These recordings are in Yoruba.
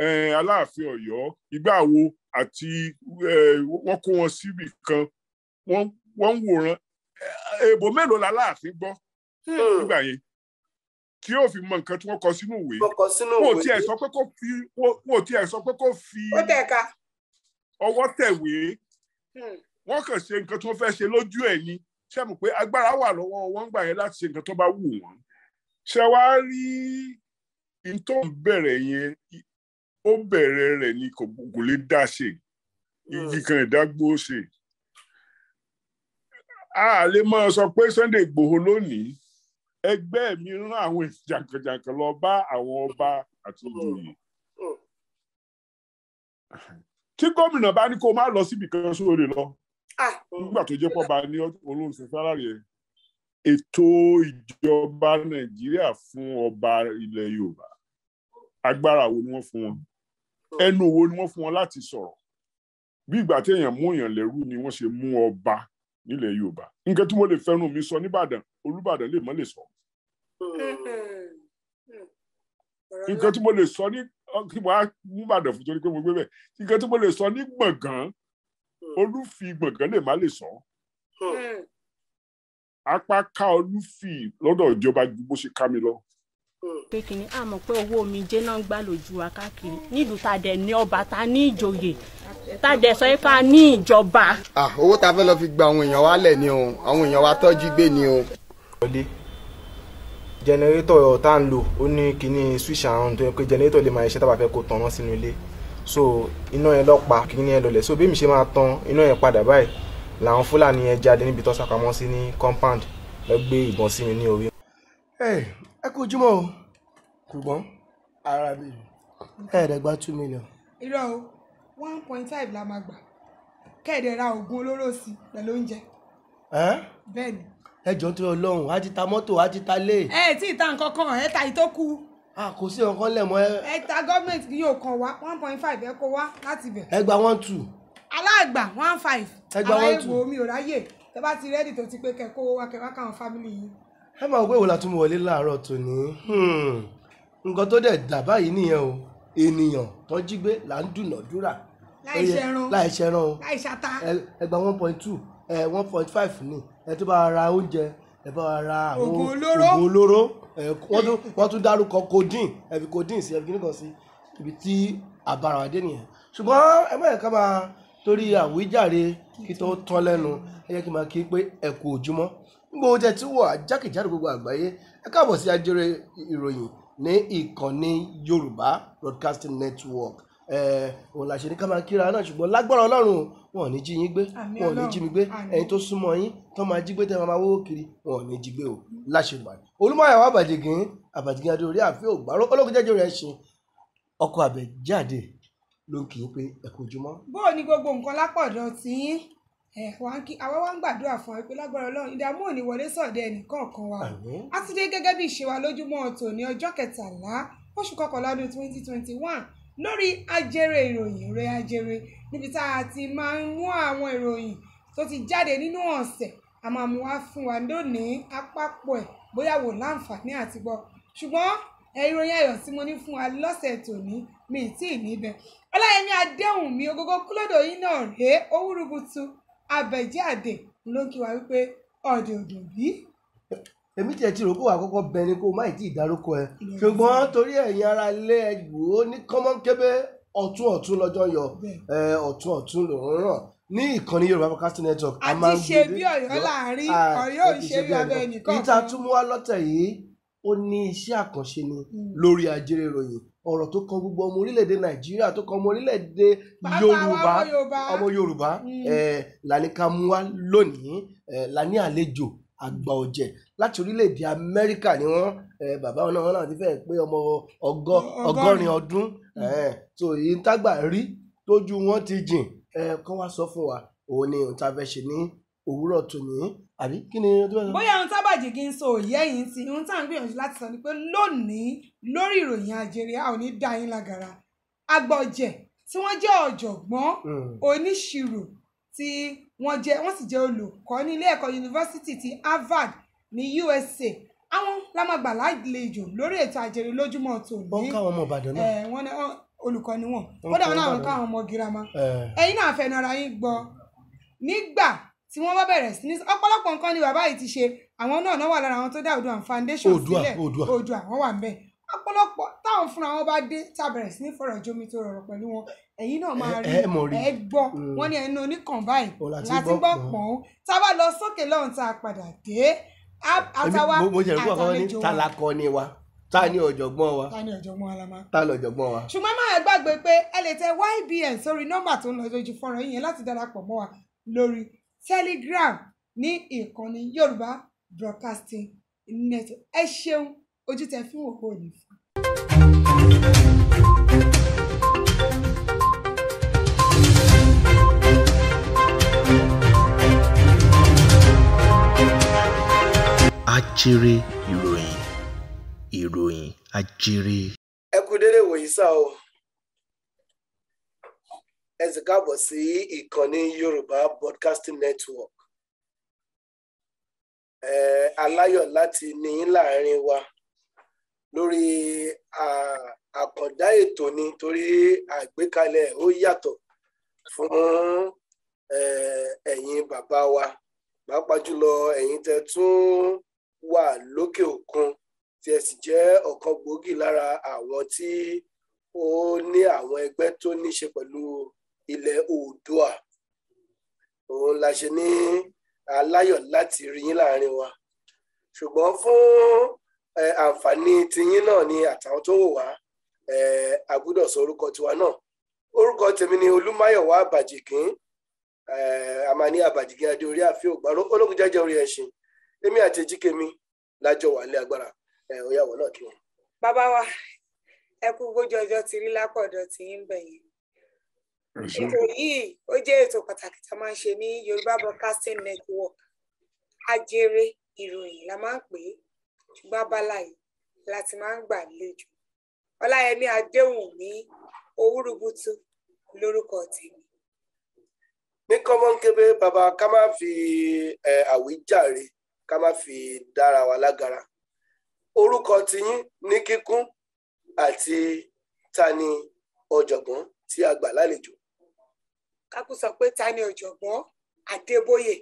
Eh, aláàfin Ọ̀yọ́ ìgbà wo àti eh, wọ́n kó wọn síbì kan wọ́n ń wòran èèbò eh, mélòó la láàfin gbọ́ hmm. nígbà yẹn kí yóò fi mọ nǹkan tí wọ́n kọ sínú ìwé wọ́n tiẹ̀ sọ pé kó fi wọ́n tiẹ̀ sọ pé kó fi ọwọ́ tẹ̀wé hmm. wọ́n kàn ṣe nǹkan tí wọ́n fẹ́ ṣe lójú ẹ̀ ni ṣe mọ̀ pé agbára wà lọ́wọ́ wọn gbà yẹn láti ṣe nǹkan tó bá wù wọ́n ṣe wá rí n bẹ̀rẹ̀ yẹn ó bẹ̀rẹ̀ rẹ̀ ni kò lè dá ṣe hmm. igi kan ìdágbó ṣe a lè máa sọ pé Sunday Igboho lónìí ẹgbẹ́ mi rán àwọn jàǹkànjàǹkàn lọ bá àwọn ọba àti olóyè tí gómìnà bá ní kó má lọ síbi kan sóore lọ ah. nígbà tó jẹ́ pọ́ba ní olóòṣè sálárì ẹ̀ ètò ìjọba Nàìjíríà fún ọba ilẹ̀ Yorùbá agbára wo ni wọ́n fún wọn ẹnu wo ni wọ́n fún wọn láti sọ̀rọ̀ bí ìgbà tí èèyàn mú èèyàn lẹ́rú ni wọ́n ṣe mú ọba nílẹ̀ yorùbá nǹkan tí mo lè fẹ́ràn mi sọ nìbàdàn olùbàdàn lè mọ́ lè sọ. nǹkan tí mo lè sọ ní kí wàá nìbàdàn fún torí pé mo gbé bẹ́ẹ̀ nǹkan tí mo lè sọ ní gbọ̀ngàn olúfi gbọ̀ngàn lè má lè sọ. apá ká olúfi lọ́dọ̀ ìjọba ju bó ṣe ká mi lọ pé kínní àmọ́ pé owó omi jẹ́ náà gbà lójú wa káàkiri nílùú tá dẹ̀ ní ọba tá ní ìjòyè tá dẹ̀ sọ pé a ní ìjọba. Ah, owó tá fẹ́ lọ fi gba àwọn èèyàn wa lẹ̀ ni o àwọn èèyàn wa tọ́jú gbé ni o. jẹnẹrétọ̀ tá à ń lò ó ní kíní switch àrùn tó yẹ pé jẹnẹrétọ̀ lè máa ṣe tá fẹ́ kó tàn wọ́n sínú ilé so iná yẹn lọ pa kíní yẹn lọlẹ̀ so bí mi ṣe máa tan iná yẹn padà báyìí làwọn fúlàní yẹn jáde níbi tó sápamọ́ sí ní compound lọ gbé ìbọn sí mi ní orí. ẹ ẹ kú ojúmọ́ o ṣùgbọ́n ara mi ẹ̀ẹ́dẹ̀ gba two million. irọ́ o one point five la máa gbà kẹ́ẹ̀dẹ̀ ra oògùn olóró sí i pẹ̀lú oúnjẹ. bẹ́ẹ̀ ni. ẹ jọ tó yọ lọ́hùn á ti ta mọ́tò á ti ta lé. ẹ tí ì ta nǹkan kan ẹ ta ìtókù. a kò sí ọkàn lẹ̀ mọ́ ẹ. ta gọ́ọ̀mẹ̀ntì yóò kàn wá one point five ẹ kó wá láti bẹ̀. ẹ gba one two. aláàgbà one five. ẹ gba one two. àwọn èèwọ̀ mi ò ráyè tẹ bá ti rẹ́dì tó ti pé kẹ kó wá kẹ wá káwọn fámìlì yìí. ẹ máa wọ pé ìwòlá tún mi wọlé láàárọ̀ tòní. Hmm nǹkan tó dẹ̀ dà báyìí nìyẹn o ènìyàn tó jí gbé là ń dùnàdúrà láì ṣẹran o láì ṣata ẹgbà one point two ẹ one point five ni ẹ tó bá ra oúnjẹ ẹ bá ra àwọn oògùn olóró wọ́n tún dárúkọ codeine ẹ fi codeine sí ẹ fi kíní kan sí ibi tí àbára wa dé nìyẹn ṣùgbọ́n ẹ má yẹ ká máa torí àwíjàre kí tó tán lẹ́nu ẹ jẹ́ kí n máa kí pé ẹ kú ojúmọ́ gbogbo oúnjẹ tí wọ́n jákèjádò gbogbo àgbáyé ẹ káàbọ̀ sí ajere ìròyìn ní ìkànnì Yorùbá Broadcasting Network òun la ṣe ní ká máa kíra náà ṣùgbọ́n lágbára ọlọ́run wọn ò ní jí yín gbé wọn ò ní jí mi gbé ẹ̀yin tó súnmọ́ yín tó máa jí gbé tẹ́ máa wó kiri wọn ò ní jí gbé o láṣẹgbà olúmọ̀yàwó àbàdìgín àbàdìgín adé orí àfẹ́ ògbárò ológun jẹ́jọ́ rẹ̀ ṣe ọkọ̀ àbẹ̀jáde ló kì í pé ẹ̀kọ́ ojúmọ́. bó o ní gbogbo nǹkan lápọ̀dọ̀ tí ẹ eh, wá ń kí àwa wá ń gbàdúrà fún wa pé lágbára Ọlọ́run ìdààmú ò ní wọlé sọ́dọ̀ ẹnìkọ̀ọ̀kan wa a ti dé gẹ́gẹ́ bí ìṣe wa lójúmọ́ tòní ọjọ́ kẹtàlá oṣù kọkànlá ọdún twenty twenty one lórí ajere ìròyìn rẹ ajere níbi tá a ti máa ń mú àwọn ìròyìn tó ti jáde nínú ọ̀sẹ̀ a máa mú wá fún wa lónìí àpapọ̀ ẹ̀ bóyá wò láǹfààní àti gbọ́ ṣùgbọ́n ìròyìn ayọ̀ tí mo ní fún wa lọ́sẹ̀ tòní mi ì tí ì níbẹ̀ ọláyẹmí adéhùn ogógó kúlódò yìí náà rèé owúrúbutu abẹ̀jẹ́ àdè ló ń kí wa wípé ọ̀dẹ̀ òdò bí. èmi tiẹ̀ ti rò kó wà kọ́kọ́ bẹ ni kó má tí ì dárúkọ ẹ ṣùgbọ́n torí ẹ̀yin ara ilé ẹ wò ó ní kọ́mọ́nkébé ọ̀tún ọ̀tún lọ́jọ́ yọ ọ̀tún ọ̀tún lòún ràn ní ìkànnì yorùbá broadcasting network a máa ń gbé àti ah, ṣe bí ọ̀yọ́ láàrin ọ̀yọ́ ìṣe bí abẹ ẹnìkan. ìta tún mú wa lọ́tẹ̀ yìí ó ní iṣẹ́ àkànṣe ni hmm. lórí ajérèròyìn ọ̀rọ̀ tó kan gbogbo ọmọ orílẹ̀-èdè nàìjíríà tó kan ọmọ orílẹ̀-èdè yorùbá ọmọ yorùbá mm. lànìkà mú wá lónìí lànì àlejò àgbà ọ̀jẹ̀ láti orílẹ̀-èdè amẹ́ríkà ni wọ́n bàbá wọn náà wọn náà ti fẹ́ pé ọmọ ọgọ́rin ọdún tó mm. yìí ń tágbà rí tójú wọn ti jìn kọ́ wá sọ fún wa òun ni òun ta fẹ́ ṣe ní òwúrọ̀ tòní àbí kí ni ojú ẹ̀ sọ. bóyá ohun tábàjì kí n sọ òye yìí ti ohun tá à ń gbìyànjú láti sọ ni pé lónìí lórí ìròyìn àjèrè a ò ní dá yín lágara agbọ̀jẹ̀ tí wọ́n jẹ́ ọ̀jọ̀gbọ́n hmm. oníṣirò tí wọ́n jẹ́ wọ́n sì jẹ́ olùkọ́ ní ilé ẹ̀kọ́ yunifásitì ti Harvard ní USA àwọn lámàgbà lálejò lórí ètò àjèrè lójúmọ́ tòní. wọ́n káwọn ọmọ Ìbàdàn náà. ẹ eh, wọ́n olùkọ́ ni wọ́n kódà wọn náà káwọn ọmọ girama eh. ẹ̀yin náà fẹ́ràn ara yín gbọ́ nígbà tí wọ́n bá bẹ̀rẹ̀ sí ní ọ̀pọ̀lọpọ̀ nǹkan ni bàbá yìí ti ṣe àwọn náà náà wà lára àwọn tó dá Oòduà foundation sílẹ̀ odua, odua, wọ́n wà ń bẹ̀ ọ̀pọ̀lọpọ̀ táwọn fúnra wọn bá dé tá a bẹ̀rẹ̀ sí ní fọ̀rọ̀ jomi tó rọrọ̀ pẹ̀lú wọn ẹ̀yin náà máa rí ẹ gbọ́ mm. wọn ní ẹnu oníkàn báyìí láti gbọ́ mm. pọ̀n tá a bá lọ sókè lọ́hùn tá a padà dé àtàwa àtàlejò wa tálákọ ni wa ta ni ọ̀jọ̀gbọ́n wa ta ni ọ̀jọ̀gbọ́n alama ta ni ọ̀jọ̀gbọ́n wa. ṣùgbọ́n má gbàgbé pé ẹ lè tẹ YBN sórí nọ́mbà tó ń lọ lójú fọ́nrán yìí láti darapọ̀ mọ́ wa lórí telegram ní ìkànnì yorùbá broadcasting network ẹ ṣeun ojú tẹ fún òkú òní fún. ajere ìròyìn ìròyìn ajere. ẹ kú délé wòyí sá o ẹ sì káàbọ̀ sí ìkànnì Yorùbá Broadcasting Network ẹ aláyọ̀ láti ní láàrin wa lórí àkàndá ètò ni torí àgbékalẹ̀ ó yàtọ̀ fún ẹ̀yin bàbá wa pàápàá jùlọ ẹ̀yin tẹ́ tún wà lókè òkun tí ẹ sì jẹ́ ọ̀kan gbòógì lára àwọn tí ó ní àwọn ẹgbẹ́ tó ní ṣe pẹ̀lú ilẹ̀ oòdùà òun la ṣe ní aláyọ̀ láti rí yín láàrin wa ṣùgbọ́n fún àǹfààní tiyín náà ni àtàwọn tó wò wá a gbọ́dọ̀ sọ orúkọ tiwa náà orúkọ tèmi ni olúmáyọ̀wá àbàjìkín a máa ní àbàjìkín adé orí àfi ògbárò ológun jẹjẹ orí ẹṣin èmi àti jíkèmi lájọ wà lé agbára òyàwó náà kí wọn. bàbá wa ẹ kú gbójú ọjọ́ ti rí lápọ̀dọ̀ tí ń bẹ̀yìn ètò yìí ó jẹ́ ètò pàtàkì tá a máa ń ṣe ní Yorùbá Broadcasting Network ajere ìròyìn la máa ń pè é ṣùgbọ́n abala yìí la ti máa ń gbà lejò Ọláyẹmí Adéwùnmí Owúrúbútú lórúkọ tèmi. ní kọ́mọ́nkébé bàbá ká má fi àwíjàre ká má fi dára wa lágara orúkọ tiyín ní kíkún àti tani ọ̀jọ̀gbọ́n tí a gbà lálejò kákú sọ pé ta ni ọ̀jọ̀gbọ́n Adébóyè.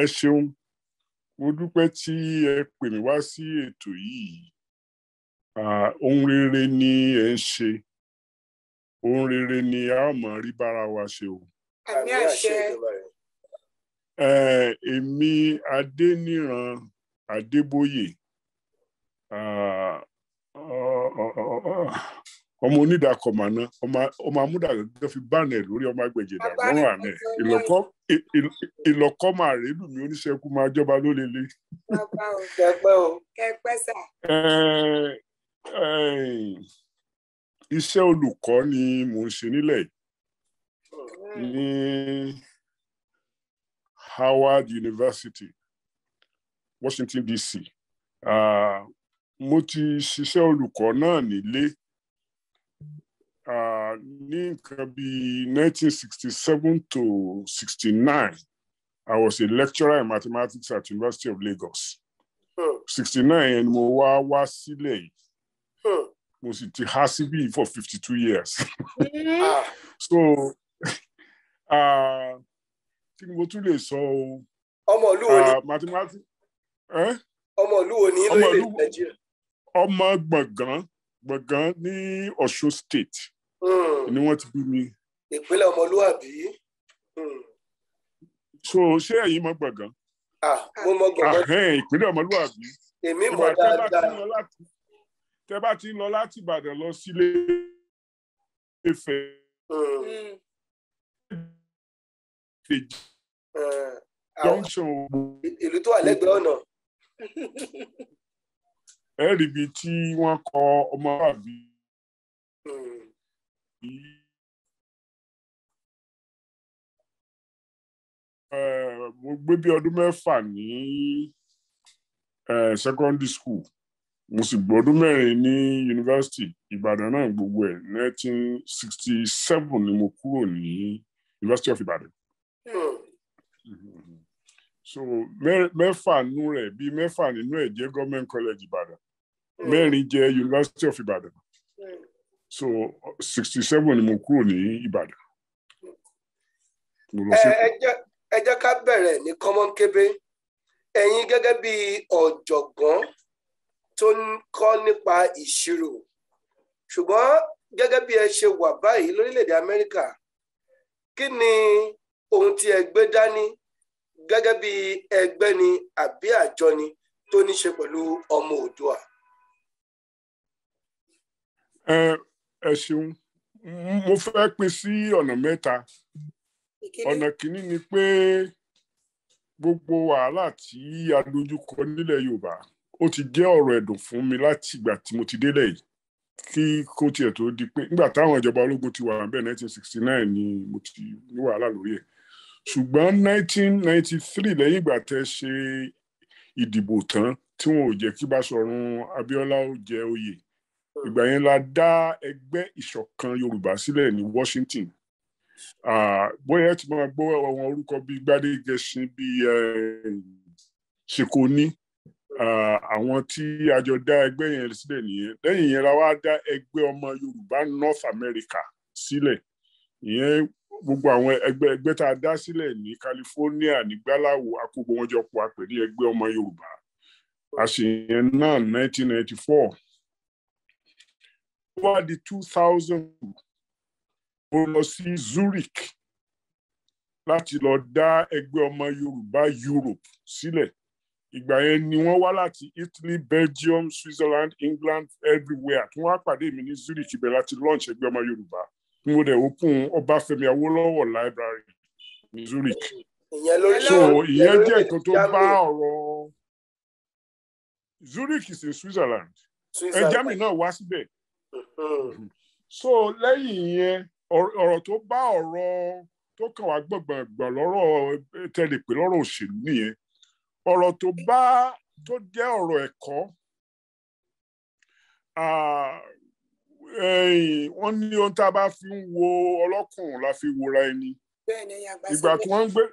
ẹ ṣeun mo dúpẹ́ tí ẹ pè mí wá sí ètò yìí ohun rere ni ẹ ń ṣe ohun rere ni a ó mọ̀ rí bára wa ṣe o. àmì àṣẹ. èmi Adéníran Adébóyè ọmọ onídàkọ̀mà náà ọmọ amúdàgẹ́gẹ́ fi bánẹ̀ lórí ọmọ agbèjì ìdàgbọ́ràn àná ìlọ́kọ́ máa rèé lùmí oníṣẹ́kù máa jọba ló lele. bàbá ò gbàgbọ́ o kẹ́ pẹ́ sà. iṣẹ́ olùkọ́ ni mò ń ṣe nílẹ̀ ní Howard University, Washington DC. Uh, mo ti ṣiṣẹ́ olùkọ́ náà nílé ní nǹkan bí 1967 to 69 I was a lecturer in mathematics at University of Lagos. sixty nine yẹn ni mo wá wá sílẹ̀ yìí mo sì ti há síbí for 52 years so ah, kí ni mo tún lè sọ o. ọmọ olúwo ni ah, mathematics. ọmọ olúwo ni ilé Nàìjíríà. ọmọ gbọ̀ngàn gbọ̀ngàn ní Ọ̀ṣun state. Hmm. ni wọ́n ti bí mi. ìpínlẹ̀ ọmọlúwàbí. Hmm. so ṣé ẹ̀yin mọ gbọ̀ngàn. mo mọ gbọ̀ngàn. Ah, ìpínlẹ̀ ọmọlúwàbí. èmi mọ dáadáa. tẹ bá ti ń lọ láti ìbàdàn lọ sílé Ifẹ̀. Hmm. junction ìlú tó wà lẹ́gbẹ̀ẹ́ ọ̀nà ẹ rí ibi tí wọ́n kọ ọmọlúwàbí Eh, mo gbé bí ọdún mẹ́fà ní eh, secondary school mo sì gbọ́dún mẹ́rin ní yunifásitì Ìbàdàn náà gbogbo ẹ̀ 1967 ni mo kúrò ní University of Ìbàdàn. so mẹ́fà nínú rẹ̀ bíi mẹ́fà nínú ẹ̀ jẹ́ Government College Ìbàdàn mẹ́rin jẹ́ University of Ìbàdàn so sixty seven ni mo kúrò ní Ìbàdàn. ẹ jẹ́ ká bẹ̀rẹ̀ ní kọ́mọ́n kébé ẹ̀yin gẹ́gẹ́ bí ọ̀jọ̀gbọ́n tó ń kọ́ nípa ìṣirò ṣùgbọ́n gẹ́gẹ́ bí ẹ ṣe wà báyìí lórílẹ̀‐èdè Amẹ́ríkà kí ni ohun tí ẹ gbé dání gẹ́gẹ́ bí ẹgbẹ́ ni àbí àjọ ni tó ní ṣe pẹ̀lú ọmọ Oòduà ẹ ṣeun mo fẹ́ pín sí ọ̀nà mẹ́ta ọ̀nà kìíní ni pé gbogbo wàhálà tí a dojúkọ nílẹ̀ yorùbá ó ti jẹ́ ọ̀rọ̀ ẹ̀dùn fún mi láti ìgbà tí mo ti délẹ̀ yìí kí kó tiẹ̀ tó di pé nígbà táwọn ìjọba ológun ti wà níbẹ̀ 1969 ni mo ti ní wàhálà lórí ẹ̀ ṣùgbọ́n 1993 lẹ́yìn ìgbà tẹ́ ṣe ìdìbò tán tí wọn ò jẹ́ kí Báṣọ̀run Abíọ́lá ó jẹ oyè ìgbà yẹn la dá ẹgbẹ́ ìṣọ̀kan yorùbá sílẹ̀ ní washington bóyá ti máa gbọ́ àwọn orúkọ bíi gbádégẹṣin bíi ṣèkóní àwọn tí a jọ dá ẹgbẹ́ yẹn sílẹ̀ nìyẹn lẹ́yìn yẹn la wá dá ẹgbẹ́ ọmọ yorùbá north america sílẹ̀ ìyẹn gbogbo àwọn ẹgbẹ́ ẹgbẹ́ tá a dá sílẹ̀ ní california ní gbáláwo akógbó wọn jọ pọ̀ àpè ní ẹgbẹ́ ọmọ yorùbá àṣeyẹn náà 1994 wá the two thousand mo lọ sí Zurich láti lọ dá ẹgbẹ́ ọmọ Yorùbá Europe sílẹ̀ ìgbà yẹn ni wọ́n wá láti Italy Belgium Switzerland England everywhere tí wọ́n á pàdé mi ní Zurich ibẹ̀ láti launch ẹgbẹ́ ọmọ Yorùbá tí mo dẹ̀ open Ọbáfẹ́mi Awólọ́wọ̀ library ní Zurich so ìyẹn jẹ́ nǹkan tó bá ọ̀rọ̀ Zurich is in Switzerland ẹ Germany náà wá síbẹ̀. Hmm. so lẹ́yìn yẹn ọ̀rọ̀ tó bá ọ̀rọ̀ tó kàn wá gbọ̀ngbọ̀ngbọ̀n lọ́rọ̀ tẹ́lẹ̀ pé lọ́rọ̀ òṣèlú nìyẹn ọ̀rọ̀ tó bá tó jẹ́ ọ̀rọ̀ ẹ̀kọ́ wọ́n ní ohun tá a bá fi ń wo ọlọ́kùnrin la fi wora ẹni ìgbà tí wọ́n ń gbé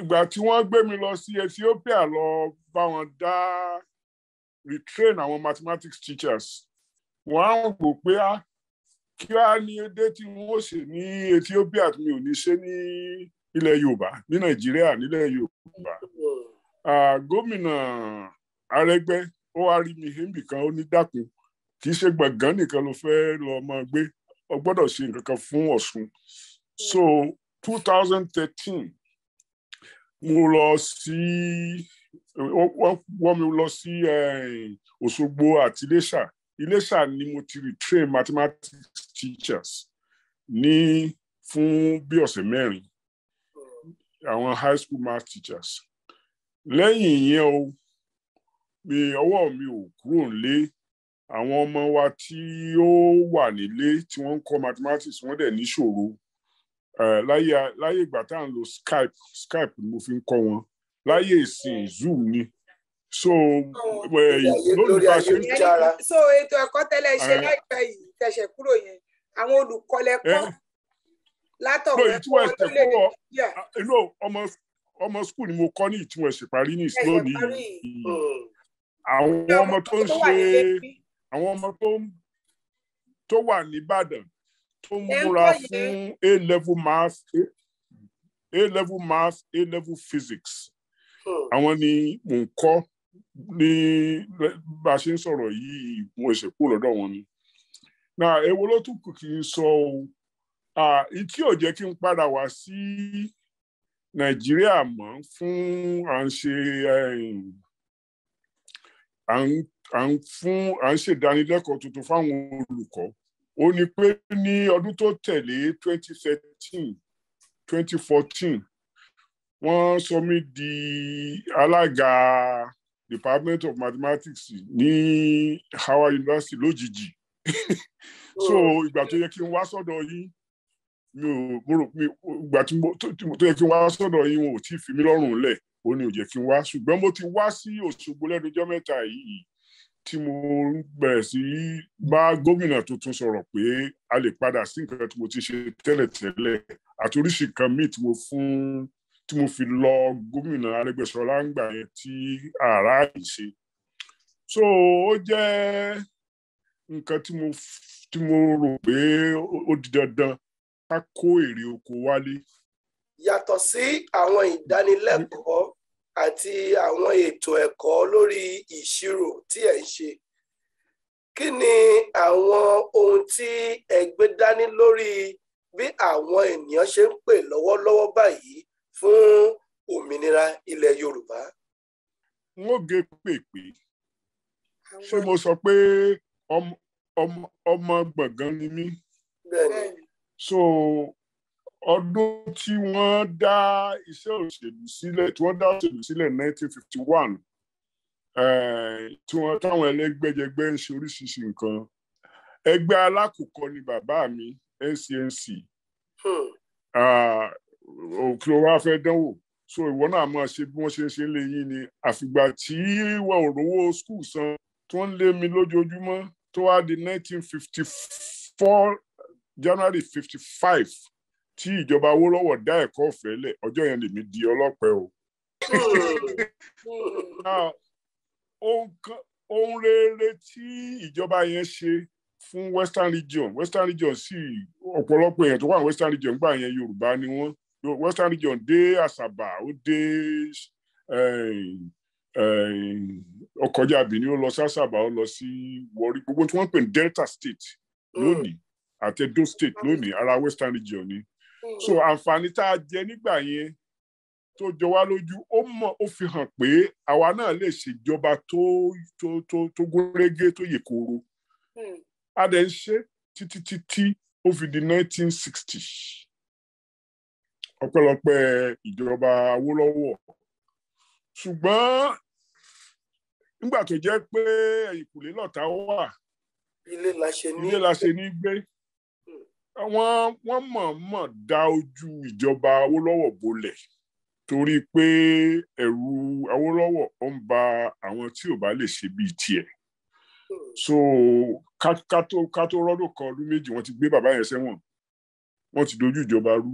ìgbà tí wọ́n gbé mi lọ sí Ethiopia lọ bá wọn dá retrain àwọn mathematics teachers wọ́n á wò pé á ah, kí á ní dé tí wọ́n ṣe ní Ethiopia tí mi ò ní ṣe ní ilẹ̀ Yorùbá ní Nàìjíríà nílẹ̀ Yorùbá gómìnà Arẹ́gbẹ́ ó wá rí mi hẹ́ńbì kan ó ní dákun kì í ṣe gbọ̀ngàn nìkan ló fẹ́ lọ máa gbé ọ gbọ́dọ̀ ṣe nǹkan kan fún Ọ̀ṣun so 2013 mo lọ sí wọ́n mi lọ sí eh, Òṣogbo àti Iléṣà Iléṣà ni mo ti retrain mathematics teachers ní fún bí ọ̀sẹ̀ mẹ́rin àwọn high school math teachers lẹ́yìn ìyẹn o mi ọwọ́ mi ò kúrò nílé àwọn ọmọ wa tí ó wà nílé tí wọ́n ń kọ́ mathematics wọ́n dẹ̀ níṣòro eh, láyé ìgbà tá à ń lo Skype Skype ni mo fi ń kọ́ wọn láyé ìsìn Zoom ni so lórí bá ṣe ń jára. so ètò ẹ̀kọ́ tẹ́lẹ̀ ṣe láìpẹ́ yìí tẹ̀sẹ̀ kúrò yẹn àwọn olùkọ́lẹ́kọ́ eh? látọ̀wọ́ ẹ̀kọ́ orílẹ̀-èdè nàìjíríà. Ah, eh, ọmọ skul ni mo kọ́ ní ìtumọ̀ ìṣèparí ní ìṣúná ní àwọn ọmọ tó ń ṣe àwọn ọmọ tó wà nìbàdàn tó ń múra fún a level math a level math a level physics hmm. àwọn ni mò ń kọ́ ní bá a ṣe ń sọ̀rọ̀ yìí ìgun ẹsẹ̀ lọ́dọ̀ wọn ni na èwo ló tún kù kí n sọ o tí ò jẹ́ kí n padà wá sí nàìjíríà mọ́ fún à ń ṣe à ń fún à ń ṣèdánilẹ́kọ̀ọ́ tuntun fáwọn olùkọ́ ó ní pé ní ọdún tó tẹ̀lé twenty thirteen twenty fourteen wọ́n sọ mí di alága department of mathematics ní Howard University lójijì oh. so ìgbà tó yẹ kí n wá sọ́dọ̀ yín mi ò mo rò pé ìgbà tó yẹ kí n wá sọ́dọ̀ yín wọn ò fi mí lọ́rùn lẹ̀ ó ní ò kí n wá ṣùgbọ́n mo ti wá sí Òṣogbo lẹ́nu ọjọ́ mẹ́ta yìí tí mo bẹ̀rẹ̀ sí í bá gómìnà tuntun sọ̀rọ̀ pé a lè padà sí nǹkan tí mo ti ṣe tẹ́lẹ̀tẹ́lẹ̀ àti oríṣi kan míì tí mo fún tí mo fi lọ gómìnà Arẹ́gbẹ́ṣọlá ń gbà yẹn tí ààrá yìí ṣe so ó jẹ́ nǹkan tí mo tí mo rò pé ó di dandan ká kó èrè oko wálé. yàtọ̀ sí àwọn ìdánilẹ́kọ̀ọ́ àti àwọn ètò ẹ̀kọ́ lórí ìṣirò tí ẹ̀ ń ṣe kí ni àwọn ohun tí ẹ gbé dání lórí bí àwọn ènìyàn ṣe ń pè lọ́wọ́lọ́wọ́ báyìí fún òmìnira ilẹ̀ yorùbá. n ó gé pèpè ṣé mo sọ pé ọmọ gbọ̀ngàn ni mí. so ọdún tí wọ́n dá iṣẹ́ òṣèlú sílẹ̀ tí wọ́n dá òṣèlú sílẹ̀ 1951 eh, tí wọ́n táwọn ẹlẹ́gbẹ́jẹgbẹ́ ń ṣe oríṣiríṣi nǹkan ẹgbẹ́ alákùkọ ni bàbá mi NCNC òkè ọwọ́ afẹ́ dánwò so ìwọ náà máa ṣe bí wọ́n ṣe ṣe lè yín ni àfìgbà tí ìwọ òrówó skul san tó ń lé mi lójoojúmọ́ tó wá di nineteen january fifty tí ìjọba Awólọ́wọ̀ dá ẹ̀kọ́ ọ̀fẹ́ lẹ̀ ọjọ́ yẹn lèmi di ọlọ́pẹ́ o. Hmm. ohun rere tí ìjọba yẹn ṣe fún western region western region sì ọ̀pọ̀lọpọ̀ èèyàn tó wà western region gbà yẹn yorùbá ni wọ́n western region dé àṣàbà ó dé ó eh, eh, kọjá Benin ó lọ sí àṣàbà ó lọ sí Warri gbogbo tí wọ́n pè ní delta state lónìí àti Edo state lónìí ara western region ni so àǹfààní tá a jẹ nígbà yẹn tó jọ wá lójú ó mọ ó fi hàn pé àwa náà lè ṣèjọba tó tó tó tó gúnrégé tó yè kooro hmm. a dẹ̀ ń ṣe títí títí ó fi di nineteen sixty ọpẹ́lọpẹ́ ìjọba Awólọ́wọ̀ ṣùgbọ́n nígbà tó jẹ́ pé ìkùlé lọ́tà wà ilé la ṣe ní gbé wọ́n wọ́n mọ̀ọ́mọ̀ dá ojú ìjọba Awólọ́wọ̀ bolẹ̀ torí pé ẹ̀rù Awólọ́wọ̀ ó ń ba àwọn tí ò bá lè ṣe bíi tiẹ̀ so ká tó ká tó rọ́dún kan ọdún méjì wọ́n ti gbé bàbá yẹn sẹ́wọ̀n wọ́n ti dojú ìjọba rú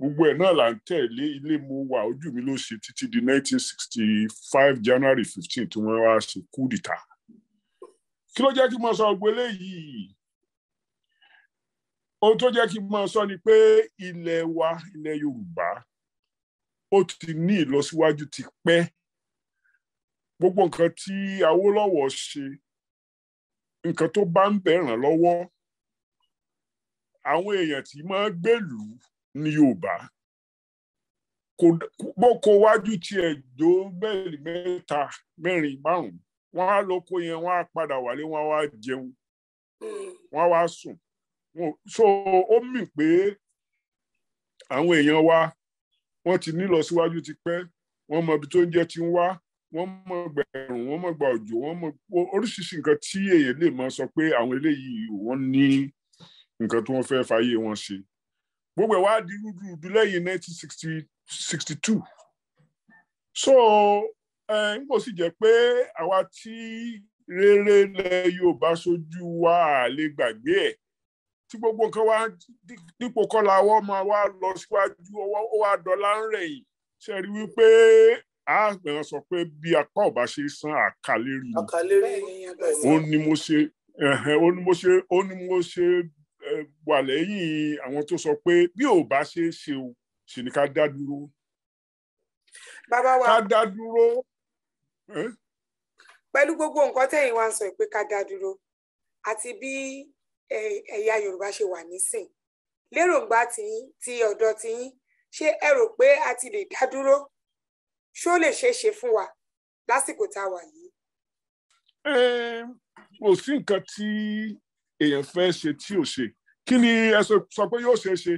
gbogbo ẹ̀ náà là ń tẹ̀lé ilé mo wà ojú mi ló ṣe títí di 1965 January 15 tí wọ́n wá ṣe kúdìtà kí ló jẹ́ kí n máa sọ ọgbẹ́ eléyìí ohun tó jẹ́ kí n sọ ni pé ilẹ̀ wa ilẹ̀ Yorùbá ó ti ní ìlọsíwájú ti pẹ́ gbogbo nǹkan tí Awólọ́wọ̀ ṣe nǹkan tó bá ń bẹ̀ lọ́wọ́ àwọn èèyàn tí máa gbèlú ní Yorùbá bó kó wájú tiẹ̀ jó bẹ́ẹ̀lì mẹ́ta mẹ́rin márùn-ún wọ́n á lọ kó yẹn wọ́n á padà wálé wọ́n á wá jẹun wọ́n á wá sùn so ó mì pé àwọn èèyàn wa wọ́n ti nílọsíwájú ti pẹ́ wọ́n mọ ibi tó ń jẹ́ ti ń wá wọ́n mọ gbẹ̀rùn wọ́n mọ gba òjò wọ́n mọ oríṣiríṣi nǹkan tí èèyàn lè máa sọ pé àwọn eléyìí wọ́n ní nǹkan tí wọ́n fẹ́ fàyè wọn ṣe gbogbo ẹ̀ wá di rúdurùdu lẹ́yìn 1962 so n kò sì jẹ́ pé àwa tí rere lẹ Yorùbá ṣojú wa lè gbàgbé ẹ̀ tí gbogbo nǹkan wá dípò kọ́la ọwọ́ máa wá lọ síwájú ọwọ́ ó wá dọ́là ń rẹ̀yìn ṣe rí wípé àgbẹ̀rán sọ pé bí apá ò bá ṣe san àkàlérí ni òun ni mo ṣe wà lẹ́yìn àwọn tó sọ pé bí ò bá ṣe é ṣe o sì ni ká dá dúró. bàbá wa ká dá dúró. pẹ̀lú gbogbo nǹkan tẹ̀yìn wa ń sọ pé ká dá dúró àti bí ẹ̀yà Yorùbá ṣe wà nísìn lérògbà tiyín ti ọ̀dọ̀ tiyín ṣé ẹ rò pé a ti lè dá dúró ṣó lè ṣeé ṣe fún wa lásìkò tá a wà yìí. kò sí nǹkan tí èèyàn fẹ́ ṣe tí ò ṣe kí ni ẹ sọ pé yóò ṣe é ṣe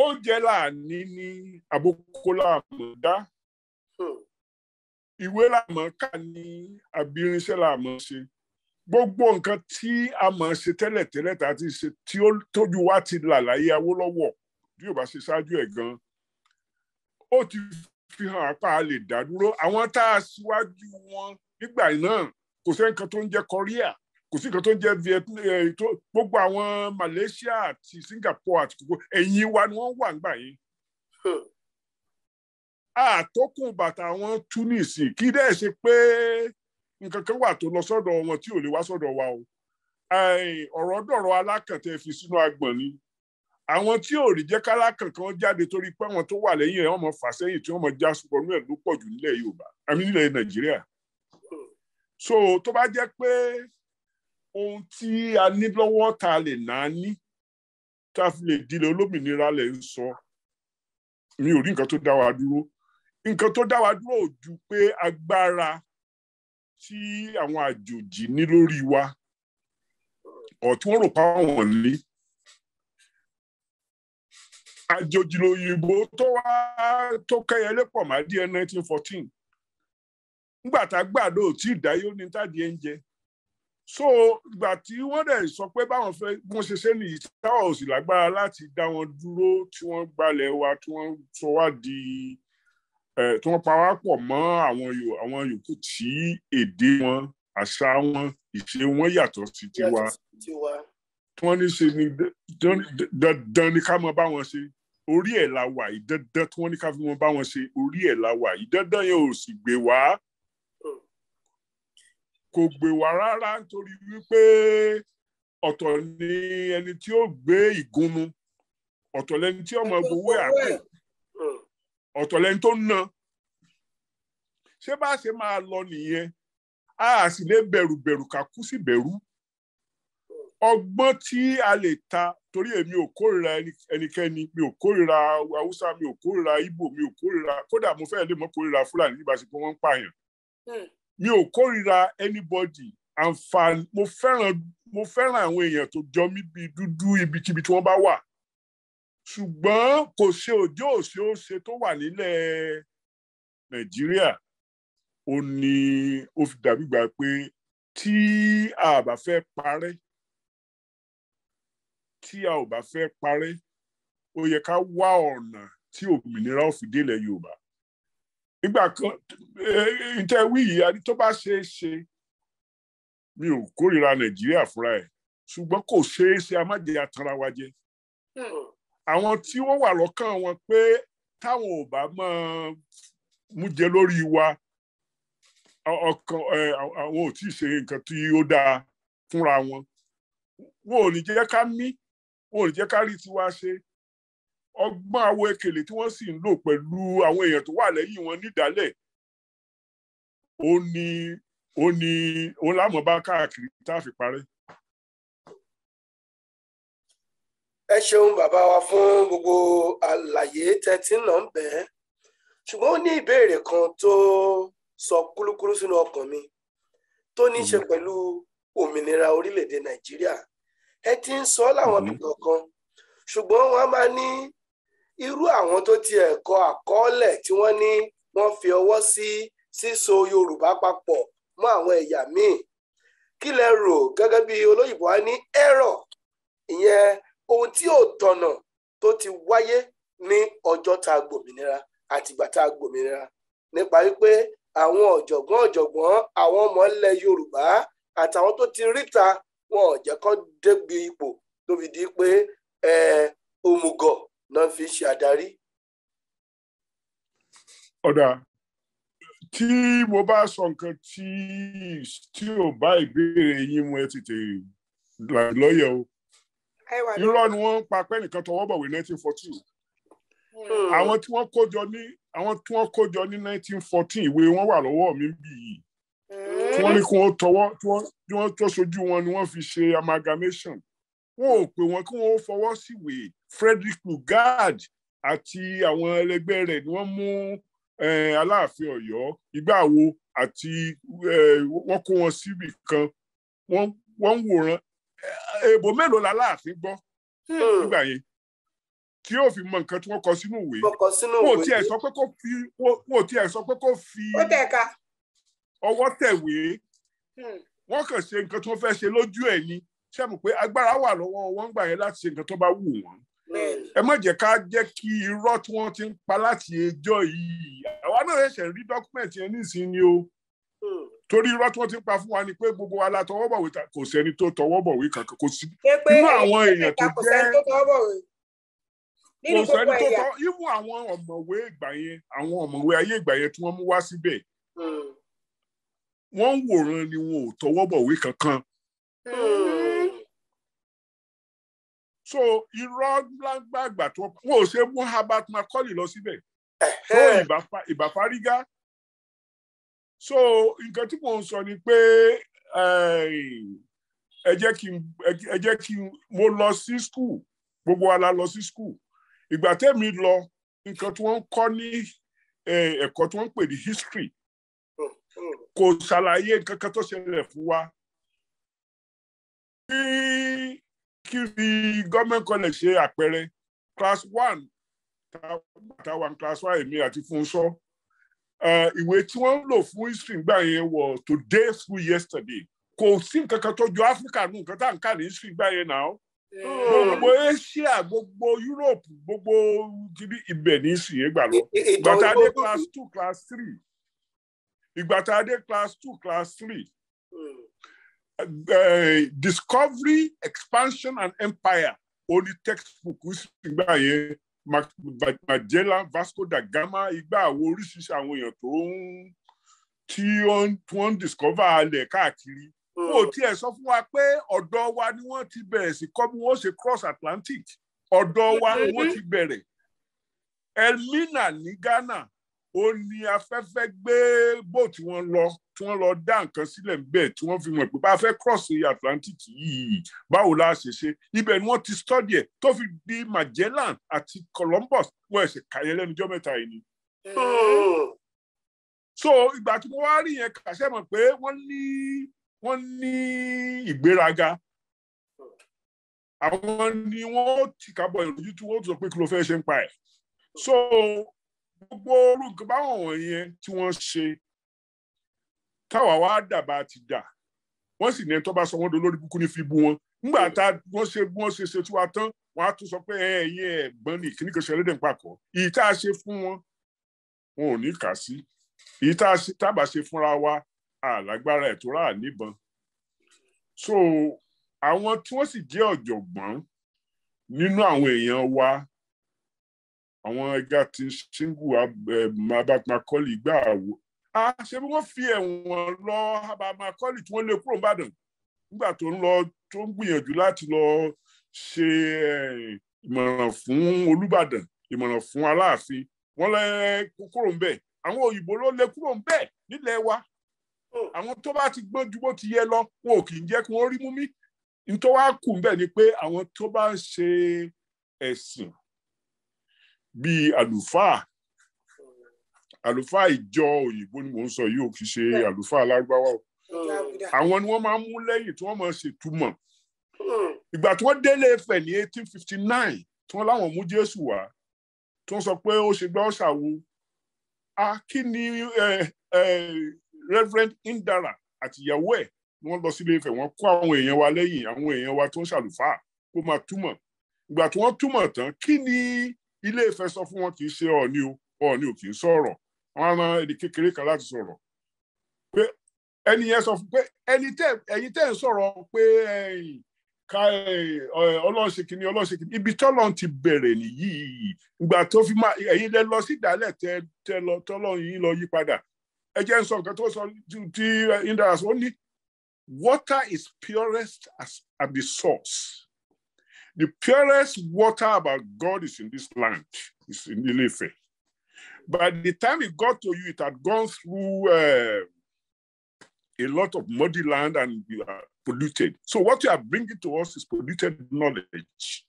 oúnjẹ láàní ní àbókò láàmú dá ìwé làmọ́ ká ní àbírinṣẹ́ làmọ́ ṣe gbogbo nǹkan tí a mọ̀ ṣe tẹ́lẹ̀tẹ́lẹ̀ tá a ti ṣe tí ó tójú wa ti là láyé Awólọ́wọ̀ bí ò bá ṣe ṣáájú ẹ̀ gan ó ti fi hàn apá a lè dá dúró àwọn tá a ṣíwájú wọn nígbà náà kò sẹ́nìkan tó ń jẹ́ kọ́ríà kò sí nǹkan tó ń jẹ́ Vietnam eh, gbogbo àwọn Malaysia àti Singapore àti gbogbo ẹ̀yìn wa ni wọ́n wà nígbà yìí àtọkùn bàtà àwọn Tunisi kí dẹ́ ṣe pé nǹkan kan wà tó lọ sọ́dọ̀ wọn tí ò lè wá sọ́dọ̀ wa o ọ̀rọ̀ dọ̀rọ̀ alákàntẹ́ fi sínú agbọ̀n ni àwọn tí ò rí jẹ́ kálákàn kan jáde torí pé àwọn tó wà lẹ́yìn ẹ̀ wọ́n mọ̀ fà sẹ́yìn tí wọ́n mọ̀ já sùpọ̀nú ẹ̀ ló pọ̀ jù nílẹ̀ Yorùbá àmì nílẹ̀ Nàìjíríà so tó bá jẹ́ pé. ohun tí a ní lọ́wọ́ tá lè náà ní tá a fi lè dilẹ̀ olómìnira lè ń sọ mi ò rí nǹkan tó dá wa dúró nǹkan tó dá wa dúró ò ju pé agbára tí àwọn àjòjì ní lórí wa ọ̀tún rò pa wọ́n ní àjòjì lòyìnbó tó wá tó kẹ́yẹlé pọ̀ má díẹ̀ 1914 ngbà tá gbàdo ò tí ì ó ní tádìí ẹ̀ ń jẹ so ìgbà tí wọ́n dẹ̀ sọ pé báwọn fẹ́ bó ṣe ṣe nìyí táwọn ò sì lágbára láti dá wọn dúró tí wọ́n gbalẹ̀ wa tí wọ́n sọ wá di tí wọ́n pawá pọ̀ mọ́ àwọn àwọn yòókù tí èdè wọn àṣà wọn ìṣe wọn yàtọ̀ sí tiwa tí wọ́n ní ṣe ni dandan ni ká mọ bá ṣe orí ẹ̀ la wà yìí tí wọ́n ní ká fi mọ bá ṣe orí ẹ̀ la wà yìí yẹn ò sì gbé wá kò gbè wá rárá nítorí wípé ọ̀tọ̀ ni ẹni tí ó gbé ìgúnnu ọ̀tọ̀ lẹni tí ọmọ gbowó àgbẹ̀ ọ̀tọ̀ lẹni tó ná ṣé bá ṣe máa lọ nìyẹn a sì lè bẹ̀rù bẹ̀rù ká kú sí bẹ̀rù ọgbọ́n tí a lè ta torí èmi ò kórìíra ẹnikẹ́ni mi ò kórìíra haúsá mi ò kórìíra ibo mi ò kórìíra kódà mo fẹ́ lè mọ́ kórìíra fúlàní nígbà tí wọ́n ń pààyàn. Hmm mi ò kórìíra anybody àǹfààní mo fẹ́ràn mo fẹ́ràn àwọn èèyàn tó jọ mí bíi dúdú ibikíbi tí wọ́n bá wà ṣùgbọ́n kò ṣe òjò òṣè òṣè tó wà nílẹ̀ nàìjíríà ó ní ó fi dàbí gbà pé tí a bá fẹ́ parẹ́ tí a ò bá fẹ́ parẹ́ ó yẹ ká wá ọ̀nà tí òmìnira ò fi délẹ̀ yorùbá nígbà kan ìtẹ̀wí eh, yìí tó bá ṣeé ṣe mi ò kórìíra nàìjíríà fúnra ẹ̀ ṣùgbọ́n kò ṣeé ṣe a má jẹ́ atanra wa jẹ. Hmm. àwọn tí wọ́n wà lọ́kàn wọn pé táwọn ò bá máa mú jẹ lórí wa ọkàn àwọn ò tí ì ṣe nǹkan tí ó dáa fúnra wọn wọn ò ní jẹ́ ká mí wọn ò ní jẹ́ ká rí tiwa ṣe ọgbọ́n àwọn ekèlè tí wọ́n sì ń lò pẹ̀lú àwọn èèyàn tó wà lẹ́yìn wọn nídàálẹ̀ ó ní ó ní ó lámọ̀ káàkiri tá a fi parẹ́. ẹ ṣeun bàbá wa fún gbogbo àlàyé tẹ́tí náà ń bẹ̀ ẹ́ ṣùgbọ́n ó ní ìbéèrè kan tó sọ kúlúkúlú sínú ọkàn mi tó ní í ṣe mm-hmm. pẹ̀lú òmìnira orílẹ̀-èdè nàìjíríà ẹ ti ń sọ láwọn ibìkan mm-hmm. kan ṣùgbọ́n wọ́n máa ní irú àwọn tó tiẹ̀ kọ àkọọ́lẹ̀ tí wọ́n ní wọ́n fi ọwọ́ sí síso Yorùbá papọ̀ mọ́ àwọn ẹ̀yà míì kí lẹ rò gẹ́gẹ́ bí olóyìnbó á ní error ìyẹn ohun tí ò tọ̀nà tó ti wáyé ní ọjọ́ tá a gbòmìnira àtìgbà tá a gbòmìnira nípa wípé àwọn ọ̀jọ̀gbọ́n ọ̀jọ̀gbọ́n àwọn ọmọ ilẹ̀ Yorùbá àtàwọn tó ti ríta wọn ò jẹ́ kó débi ipò tó fi di pé òmùgọ̀ náà fi ṣe àdarí. ọ̀dà tí mo bá sọ nǹkan tí tí ò bá ìbéèrè yín mu ẹ tètè lọ́yẹ̀ o irọ́ ni wọ́n ń pa pẹ́ẹ́nìkan tọwọ́ bọ̀wé 1914 hmm. àwọn tí wọ́n kó jọ ní àwọn tí wọ́n kó jọ ní 1914 ìwé wọn wà lọ́wọ́ mi bí yìí hmm. tí wọ́n ní kí wọ́n tọwọ́ tí wọ́n tó ṣojú wọn ni wọ́n fi ṣe amalgamation wọn ò pè wọn kí wọn ó fọwọ́ síwèé Frederick Lugard àti àwọn ẹlẹgbẹ́ rẹ̀ ni wọ́n mú Aláàfin Ọ̀yọ́ ìgbà wo àti wọ́n kó wọn síbì kan wọ́n ń wòran èèbò mélòó la Aláàfin gbọ́ hmm. nígbà yẹn kí yóò fi mọ nǹkan tí wọ́n kọ sínú ìwé wọn ò tiẹ̀ sọ pé kó fi wọn ò tiẹ̀ sọ pé kó fi ọwọ́ tẹ̀wé hmm. wọ́n kàn ṣe nǹkan tí wọ́n fẹ́ ṣe lójú ẹ̀ ni ṣe mọ̀ pé agbára wà lọ́wọ́ wọn gbà yẹn láti ṣe nǹkan tó bá wù wọ́n ẹ má jẹ́ ká jẹ́ kí irọ́ tí wọ́n ti ń pa láti ẹjọ́ yìí àwa náà ṣẹ̀ṣẹ̀ rí dọ́kúmẹ̀ntì yẹn nísìnyí o hmm. torí irọ́ tí wọ́n ti ń pa fún wa ni pé gbogbo wa la tọwọ́ bọ̀wé kò sẹ́ni tó tọwọ́ bọ̀wé kankan kò sí nínú àwọn èèyàn tó jẹ́ kò sẹ́ni tó tọ́ irú àwọn ọ̀mọ̀wé ìgbà hmm. wòran ni wọn ò tọwọ́ bọ̀wé kankan. Hmm so irọ́ gbàgbà tó wọn ò ṣe mú Herbert Macaulay lọ síbẹ̀ so ìbàfárígá so nǹkan tí mò ń sọ ni pé eh, ẹ jẹ́ kí ẹ jẹ́ kí mo lọ sí school gbogbo wa la lọ sí school ìgbà tẹ́mi lọ nǹkan tí wọ́n ń kọ́ ní eh, ẹ̀kọ́ tí wọ́n ń pè ní history kò ṣàlàyé nǹkan kan tó ṣẹlẹ̀ fún wa. bí kí ni government college ṣe àpẹẹrẹ class one táwọn class one èmi àti Fúnṣọ́ ìwé tí wọ́n ń lò fún history gbà yẹn wọ today school yesterday kò sí nǹkan kan tọ́jú Áfíríkà nù nǹkan tá à ń kà ní history gbà yẹn náà gbogbo Asia gbogbo Europe gbogbo kiri ibẹ̀ ní ìsìn yẹn gbà lọ ìgbà tá a dé class two class three ìgbà tá a dé class two class three uh, discovery expansion and empire ó ní textbook ìgbà yẹn Magellan Vasco da Gama ìgbà àwọn oríṣiríṣi àwọn èèyàn tó ń tí wọ́n ń discover alẹ̀ káàkiri ó hmm. tiẹ̀ sọ fún wa pé ọ̀dọ̀ wa ni wọ́n ti bẹ̀rẹ̀ sí kọ́ bí wọ́n cross Atlantic Or wa ni wọ́n ti bẹ̀rẹ̀ Elmina ní Ghana ó ní afẹ́fẹ́ gbé bóòtù wọn lọ tí wọ́n lọ dá nǹkan sílẹ̀ bẹ́ẹ̀ tí wọ́n fi mọ̀ pé bá a fẹ́ cross Atlantic yìí báwo la ṣe ṣe ibẹ̀ ni wọ́n ti study ẹ̀ tó fi di Magellan àti Columbus wọ́n ẹ̀ṣẹ̀ kàyẹ́ lẹ́nujọ́ mẹ́ta yìí ni. so ìgbà tí mo wá rí yẹn kàṣẹ mọ̀ pé wọ́n ní wọ́n ní ìgbéraga àwọn ni wọ́n ti kábọ̀ ìròyìn tí wọ́n sọ pé kí ló fẹ́ ṣe ń pa ẹ̀ so gbogbo orúkọ báwọn wọ̀nyẹn tí wọ́n ṣe káwa wá dàbà ti dà wọ́n sì ní ẹni tó bá sọ wọ́n di olórí kúkú ní fi bu wọn nígbà tá wọ́n ṣe bí wọ́n ṣe ṣe tí wàá tán wọ́n á tún sọ pé ẹ̀yin ẹ̀gbọ́n ní ìkíní kan ṣe ẹlẹ́dẹ̀ ń papọ̀ èyí tá a ṣe fún wọn wọn ò ní kà sí èyí tá a tábà ṣe fúnra wa àlágbára ẹ̀ tó rà níbọn so àwọn tí wọ́n sì jẹ́ ọ̀jọ̀gbọ́n nínú àwọn èèyàn wa àwọn ẹ̀gá tí ṣíngù eh, abakmakọ́lì gbà ṣe bí wọ́n fi ẹ̀wọ̀n lọ Habama Colley tí wọ́n lé kúrò nìbàdàn nígbà tó ń lọ tó ń gbìyànjú láti lọ ṣe eh, ìmọ̀ràn fún Olúbàdàn ìmọ̀ràn fún Aláàfin wọ́n lé kúrò ń bẹ̀ àwọn òyìnbó ló lé kúrò ń bẹ̀ nílẹ̀ wa àwọn tó bá ti gbọ́n ju bó ti yẹ lọ wọn ò kì í jẹ́ kí wọ́n rí mú mi nítorí wàá kù ń bẹ̀ ni pé àwọn tó bá ń ṣe ẹ̀sìn bíi àlùfáà àlùfáà ìjọ òyìnbó ni mò ń sọ yìí ò kì í ṣe àlùfáà lárúbáwá o àwọn ni wọ́n máa ń mú lẹ́yìn tí wọ́n máa ṣètumọ̀ hmm. ìgbà tí wọ́n délé Ifẹ̀ ní eighteen fifty nine tí wọ́n láwọn mú Jésù wá tí wọ́n sọ pé ó ṣe gbọ́ ṣàwo a kí ni Reverend Indara àtìyàwó ẹ̀ ni wọ́n lọ sílé Ifẹ̀ wọ́n kó àwọn èèyàn wa lẹ́yìn àwọn èèyàn wa tó ń ṣàlùfáà kó máa túmọ̀ ìgbà tí wọ́n túmọ̀ tán kí ni Ilé Ifẹ̀ sọ fún wọn kì í ṣe Ọọ̀ni o Ọọ̀ni ò kì í sọ̀rọ̀ wọ́n ran èdè kékeré kan láti sọ̀rọ̀ pé ẹni yẹn sọ fún pé ẹni tẹ ẹ̀yin tẹ ń sọ̀rọ̀ pé ká ọlọ́run ṣe kìíní ọlọ́run ṣe kìíní ibi tọ́lọ́run ti bẹ̀rẹ̀ nìyí ìgbà tó fi máa ẹ̀yin lẹ lọ sí ìdálẹ̀ tẹ tẹ lọ tọ́lọ́run yìí lọ yí padà ẹ jẹ́ ń sọ nǹkan tó sọ ti indaras ó ní water is purest as at the source the purest water about God is in this land is in Ilé-Ifẹ̀. By the time it got to you, it had gone through uh, a lot of muddy land and you are polluted. So what you are bringing to us is polluted knowledge.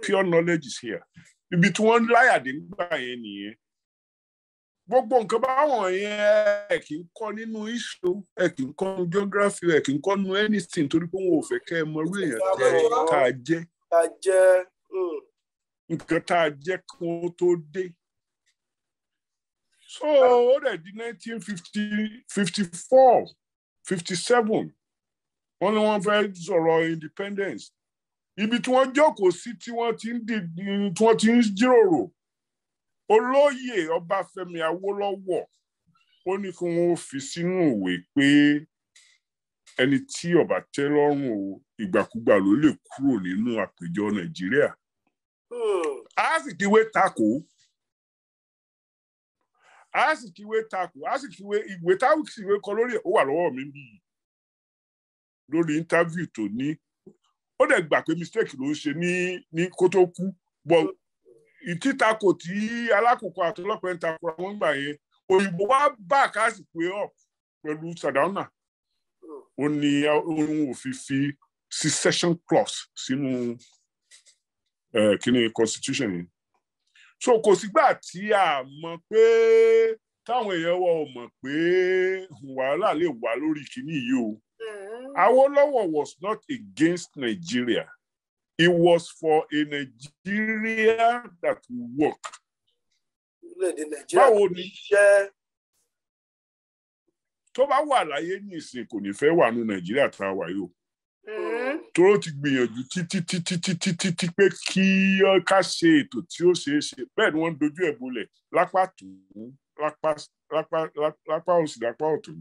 Pure knowledge is here. You be wọ́n ń láyà dé nígbà yẹn nìyẹn. Gbogbo nǹkan báwọn yẹn ẹ kì í kọ́ nínú iṣu, ẹ kì í kọ́ geography, ẹ kì í kọ́ nínú anything torí pé wọn ò fẹ́ kẹ́ ẹ mọ orí èèyàn tẹ ká jẹ́. Mm. Nǹkan tá a jẹ́ kí wọ́n tó dé so ó dẹ̀ di nineteen fifty fifty four fifty seven wọ́n ní wọ́n fẹ́ sọ̀rọ̀ independence ibi tí wọ́n jókòó sí tí wọ́n ti ń tí wọ́n ti ń jíròrò olóyè Ọbáfẹ́mi Awólọ́wọ̀ ó ní kí wọ́n fi sínú ìwé pé ẹni tí ó bá tẹ́ lọ́rùn o ìgbàkúgbà ló lè kúrò nínú àpéjọ Nàìjíríà hmm. a sì kíwé takò a sì fi ìwé takò a sì fi ìwé ìwé táwọn sì ìwé kọ lórí ẹ̀ ó wà lọ́wọ́ mi bí lórí interview tó ní ó dẹ̀ gbà pé mistake ló ń ṣe ní ní kó tó kú bọ̀ ìtìtakò tí alákòókò àtọlọ́pẹ́ ń takò àwọn gbà yẹn òyìnbó wá bá àkáàsì pé up pẹ̀lú sadauna ó ní ohun òfin fi secession clause sínú eh, kíní constitution yìí so kò sígbà tí a mọ̀ pé táwọn èèyàn wa ò mọ̀ pé wàhálà lè wà lórí kìíní yìí o mm-hmm. Awolowo was not against Nigeria it was for a Nigeria that will work. báwo ni iṣẹ́ tó bá wà láyé nìsín kò ní fẹ́ wà ní Nàìjíríà tá a wà yìí o. Mm-hmm. tóró ti gbìyànjú títí títí títí títí pé kí ká ṣe ètò tí ó ṣeé ṣe bẹ́ẹ̀ ni wọ́n ń dojú ẹ̀ bolẹ̀ lápá tòun lápá òsì lápá ọ̀tún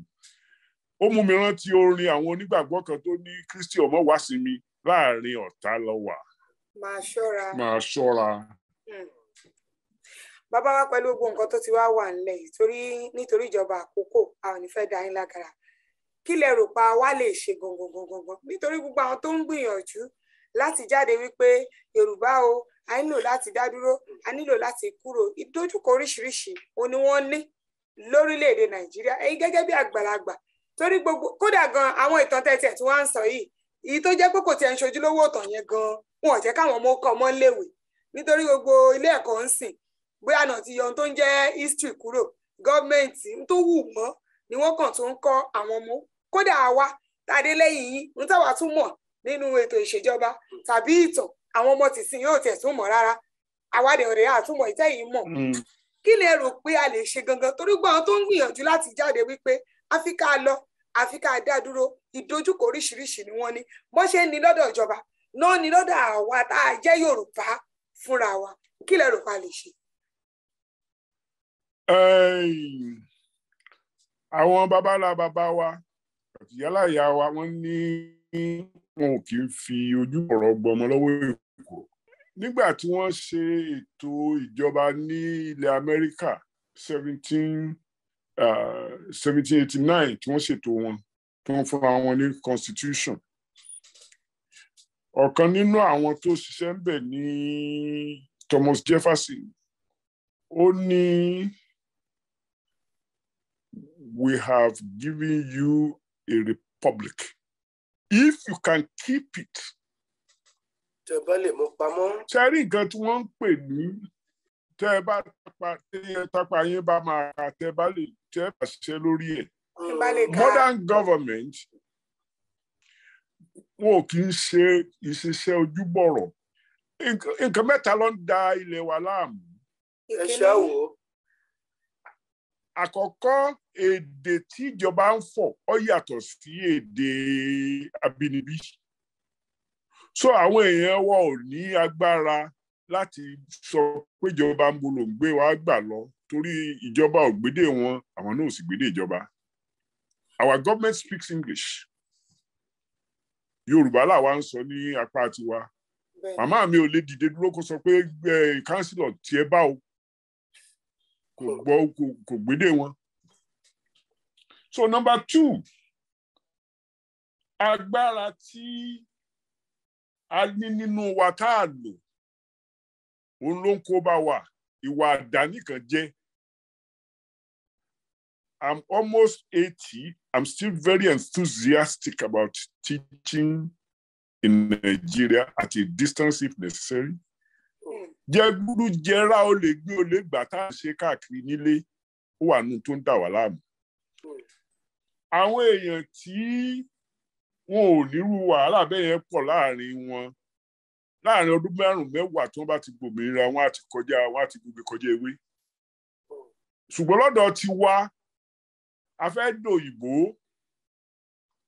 ó mú mi rántí orin àwọn onígbàgbọ́ kan tó ní kristi ọmọ wá sí mi láàrin ọ̀tá ló wà. máa ṣọ́ra. máa ṣọ́ra. Hmm. bàbá wa pẹ̀lú gbogbo nǹkan tó ti wá wà nílẹ̀ torí nítorí ìjọba àkókò a ò ní fẹ́ da yín lágara kí lẹ rò pa wá lè ṣe gangan gangan gan nítorí gbogbo àwọn tó ń gbìyànjú láti jáde wípé yorùbá o a nílò láti dá dúró a nílò láti kúrò ìdojúkọ oríṣiríṣi òun ni wọ́n ní lórílẹ̀-èdè nàìjíríà ẹ̀yin gẹ́gẹ́ bí àgbàlagbà torí gbogbo kódà gan àwọn ìtàn tẹ̀tẹ̀ tí wọ́n ń sọ yìí èyí tó jẹ́ pé kò tiẹ̀ ń ṣojúlówó ìtàn yẹn gan wọn ò jẹ́ káwọn ọmọ kọ́ ọmọ léwe nítorí gbogbo ilé ẹ̀kọ́ ń sìn bóyá náà ti yọ ohun tó ń jẹ́ history kúrò gọ́ọ̀mẹ̀ntì tó wù mọ́ ni wọ́n kàn tó ń kọ́ àwọn ọmọ kódà àwa tàdé lẹ́yìn yín ń táwa tún mọ̀ nínú ètò ìṣèjọba tàbí ìtàn àwọn ọmọ tìsín yóò tẹ̀ tún mọ̀ rárá àwa dẹ̀ rẹ̀ àtúmọ̀ ìtẹ́yìn mọ̀ mm. kí lè rò pé a lè ṣe gangan torí gbọ́n tó ń gbìyànjú láti jáde wípé áfíríkà lọ áfíríkà dá dúró ìdojúkọ oríṣiríṣi ni wọ́n ní bó ṣe ń ní lọ́dọ̀ ìjọba náà ní lọ́dọ̀ àwa tá a jẹ́ yorùbá fúnra wa kí lè rò pé lè ṣe. àwọn babalá bàbá wa ìyálà ìyá wa wọ́n ní wọn ò kì í fi ojú ọ̀rọ̀ gbọmọ lọ́wọ́ èkó nígbà tí wọ́n ṣe ètò ìjọba ní ilẹ̀ Amẹ́ríkà seventeen seventeen eighty nine tí wọ́n ṣètò wọn tí wọ́n fún àwọn ní constitution ọ̀kan nínú àwọn tó ṣiṣẹ́ ń bẹ̀ ní Thomas Jefferson ó ní we have given you a republic if you can keep it. tẹ bá lè mú pamọ́. sẹ́rí nǹkan tí wọ́n ń pè ní tẹ bá tapa tẹ tapa yín bá máa ra tẹ bá lè tẹ bá ṣiṣẹ́ lórí ẹ̀. modern government wọn ò kì í ṣe ìṣiṣẹ́ ojúbọ̀rọ̀ nǹkan mẹ́ta ló ń da ilẹ̀ wa láàmú. ẹ ṣáà wò ó. àkọ́kọ́ èdè tí ìjọba ń fọ̀ ọ yàtọ̀ sí èdè abínibí so àwọn èèyàn wa ò ní agbára láti sọ pé ìjọba ń bo wa gbà lọ torí ìjọba ò gbédè wọn àwọn náà ò sì gbédè ìjọba our government speaks English Yorùbá làwa ń sọ ní apá tiwa màmá mi ò lè dìde dúró kó sọ pé kánsílọ̀ eh, tiẹ̀ bá o kò gbédè wọn so number two agbára tí a ní nínú wa tá a lò òun ló ń kó bá wa ìwà àdánìkan jẹ́ I'm almost 80. I'm still very enthusiastic about teaching in Nigeria at a distance if necessary. Jẹ́gúrú jẹ́ra ó lè gbé ó lè gbà tá à ṣe káàkiri nílé ó wà nù tó ń dà wá láàmú àwọn èèyàn tí wọn ò nírú wàhálà bẹ́ẹ̀ yẹn pọ̀ láàrin wọn láàrin ọdún márùn mẹ́wàá tí wọ́n bá ti gbòmìnira wọn àti kọjá wọn àti gbogbo kọjá ewé ṣùgbọ́n lọ́dọ̀ ti wá a fẹ́ dòyìnbó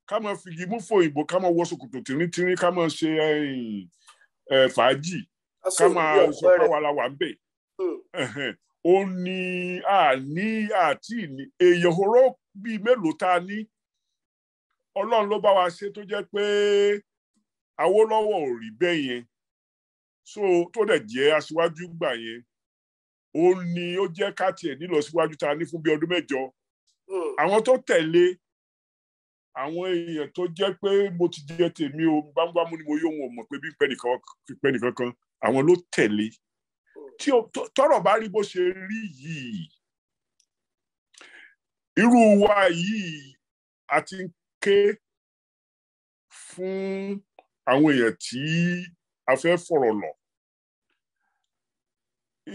ká máa figi mú fòyìnbó ká máa wọ ṣòkòtò tìrìntìrìn ká máa ṣe eh, eh, fàájì ká máa sọ pé wàhálà wà ń bẹ̀ hmm. ó ní àní àti èèyàn bíi mélòó tá a ní ọlọ́run ló bá wa ṣe tó jẹ́ pé Awólọ́wọ̀ ò rí bẹ́ẹ̀ yẹn so tó dẹ̀ jẹ́ aṣíwájú gbà yẹn òun ni ó jẹ́ ká tiẹ̀ nílọ síwájú tá a ní fún bíi ọdún mẹ́jọ hmm. àwọn tó tẹ̀lé àwọn èèyàn tó jẹ́ pé mo ti jẹ tèmi o gbámgbámú ni mo yóò wọn mọ̀ pé bí pẹ́nìkan kan àwọn ló tẹ̀lé hmm. tí tọ́rọ̀ bá rí bó ṣe rí yìí irú wa yìí a ti ń ké fún àwọn èèyàn tí a fẹ́ fọ̀rọ̀ lọ.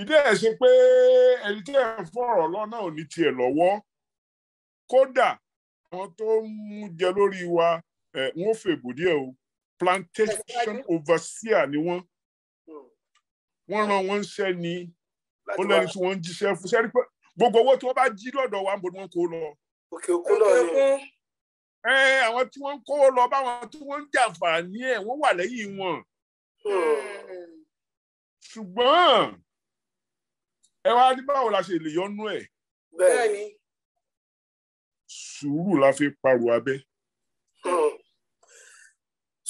ìdí ẹ̀ ṣe pé ẹni tí ẹ̀ fọ̀rọ̀ lọ náà ò ní tiẹ̀ lọ́wọ́ kódà àwọn tó ń jẹ lórí wa wọn ò fèbò díẹ̀ o plantation overseer ni wọ́n wọ́n rán wọn ṣẹ́ ni ó lẹ́ni tí wọ́n ń jíṣẹ́ fún ṣẹ́rí pé gbogbo owó tí wọ́n bá jí lọ́dọ̀ wa mo ni wọ́n kó lọ. òkè òkun náà ni. ẹ àwọn tí wọ́n ń kó lọ báwọn tí wọ́n ń jàǹfààní ẹ̀ wọ́n wà lẹ́yìn wọn. Hmm. ṣùgbọ́n ẹ wá ní báwo la ṣe lè yọnu ẹ̀. bẹ́ẹ̀ni. sùúrù la fi parọ́ abẹ́. Hmm.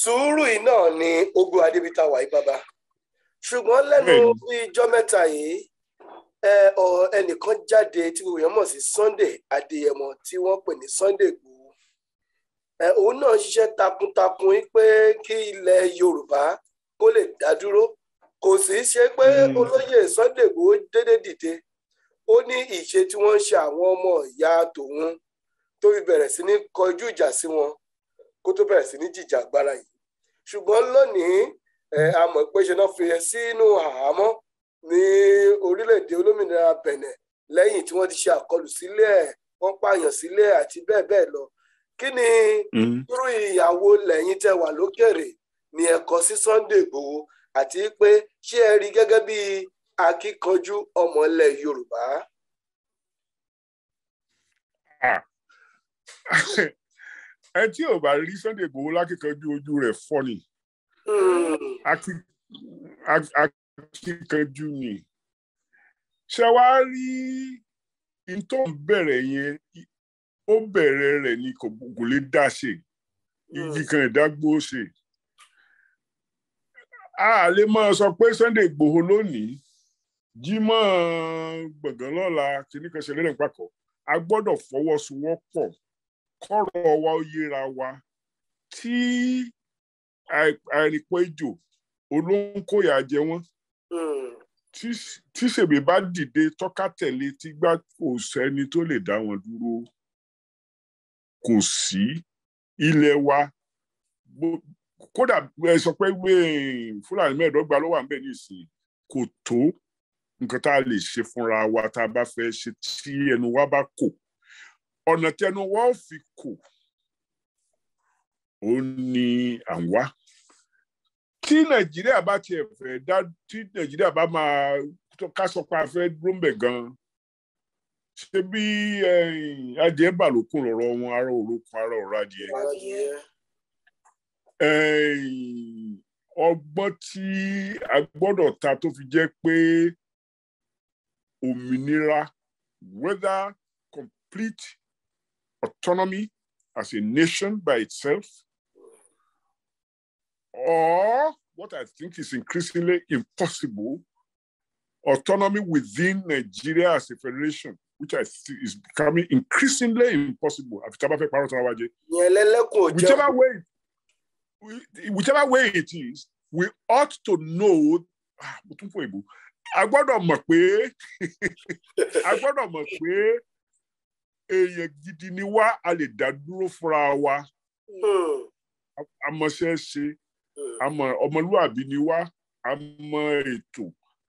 sùúrù yìí náà ni ogun adébítà wàyí bàbá ṣùgbọ́n lẹ́nu ìjọ mẹ́ta yìí ẹnìkan jáde tí gbogbo èèyàn mọ̀ sí Sunday Adéyẹmọ tí wọ́n pè ní Sunday Igboho òun náà ṣiṣẹ́ takuntakun pé kí ilẹ̀ Yorùbá kó lè dá dúró kò sì í ṣe pé hmm. olóyè Sunday Igboho dédé dìde ó ní ìṣe tí wọ́n ń ṣe àwọn ọmọ ìyá tòun tó fi bẹ̀rẹ̀ sí ní kọjú ìjà sí wọn kó tó bẹ̀rẹ̀ sí ní jìjà agbára yìí ṣùgbọ́n lónìí a mọ̀ pé ṣe náà fi sínú àhámọ́ ní orílẹ̀-èdè olómìnira Benin lẹ́yìn tí wọ́n ti ṣe àkọlù sílẹ̀ wọ́n pààyàn sílẹ̀ àti bẹ́ẹ̀ bẹ́ẹ̀ lọ kí ni mm. irú ìyàwó lẹ́yìn tẹ́ wà lókèrè ni ẹ kọ sí Sunday Igboho àti pé ṣé ẹ rí gẹ́gẹ́ bí akíkanjú ọmọlẹ̀ Yorùbá. ẹ tí ò bá rí Sunday Igboho lákìkanjú ojú rẹ̀ fọ́ ni hmm ti kanjú ni ṣe wá rí n tó ń bẹ̀rẹ̀ yẹn ó bẹ̀rẹ̀ rẹ̀ ni kò lè dá ṣe hmm. igi kan ìdágbó ṣe a lè máa sọ pé Sunday Igboho lónìí Jímọ̀ gbọ̀ngàn lọ́la kìíní kan ṣẹlẹ̀ nípa kọ a gbọ́dọ̀ fọwọ́sowọ́pọ̀ kọ́rọ̀ wa ó yéra wa tí àìrìnpọ̀ ìjò olóńkòyà jẹ wọ́n Hmm. tí sèmi bá dìde tọ́ka tẹ̀lé tí gbá kò sẹ́ni tó lè dá wọn dúró kò sí ilẹ̀ wa kódà ẹ sọ pé fúlàní mẹ́ẹ̀ẹ́dọ́gba ló wà ń bẹ̀ nísìnyí kò tó nǹkan tá a lè ṣe fúnra wa tá a bá fẹ́ ṣe tí ẹnu wa bá kò ọ̀nà tẹnu wa fi kò ó ní à wá tí nàìjíríà bá tiẹ̀ fẹ́ dá tí nàìjíríà bá máa ká sọ pé a fẹ́ dúró ń bẹ̀ gan-an ṣé bí adìẹ bàlùkù lọ̀rọ̀ wọn ara òrukùn ara ọ̀rọ̀ adìẹ ọgbọ́n tí a gbọ́dọ̀ ta tó fi jẹ́ pé òmìnira whether complete autonomy as a nation by itself or what I think is increasingly impossible, autonomy within Nigeria as a federation, which I think is becoming increasingly impossible. Whichever way, whichever way it is, we ought to know. I ah, wonder mọ̀ pé I wonder mọ̀ pé èèyàn gidi ni wá a lè dá dúró fúnra wa àmọ̀ṣe funra wa se àmọ́ ọmọlúwàbí ni wá àmọ́ ètò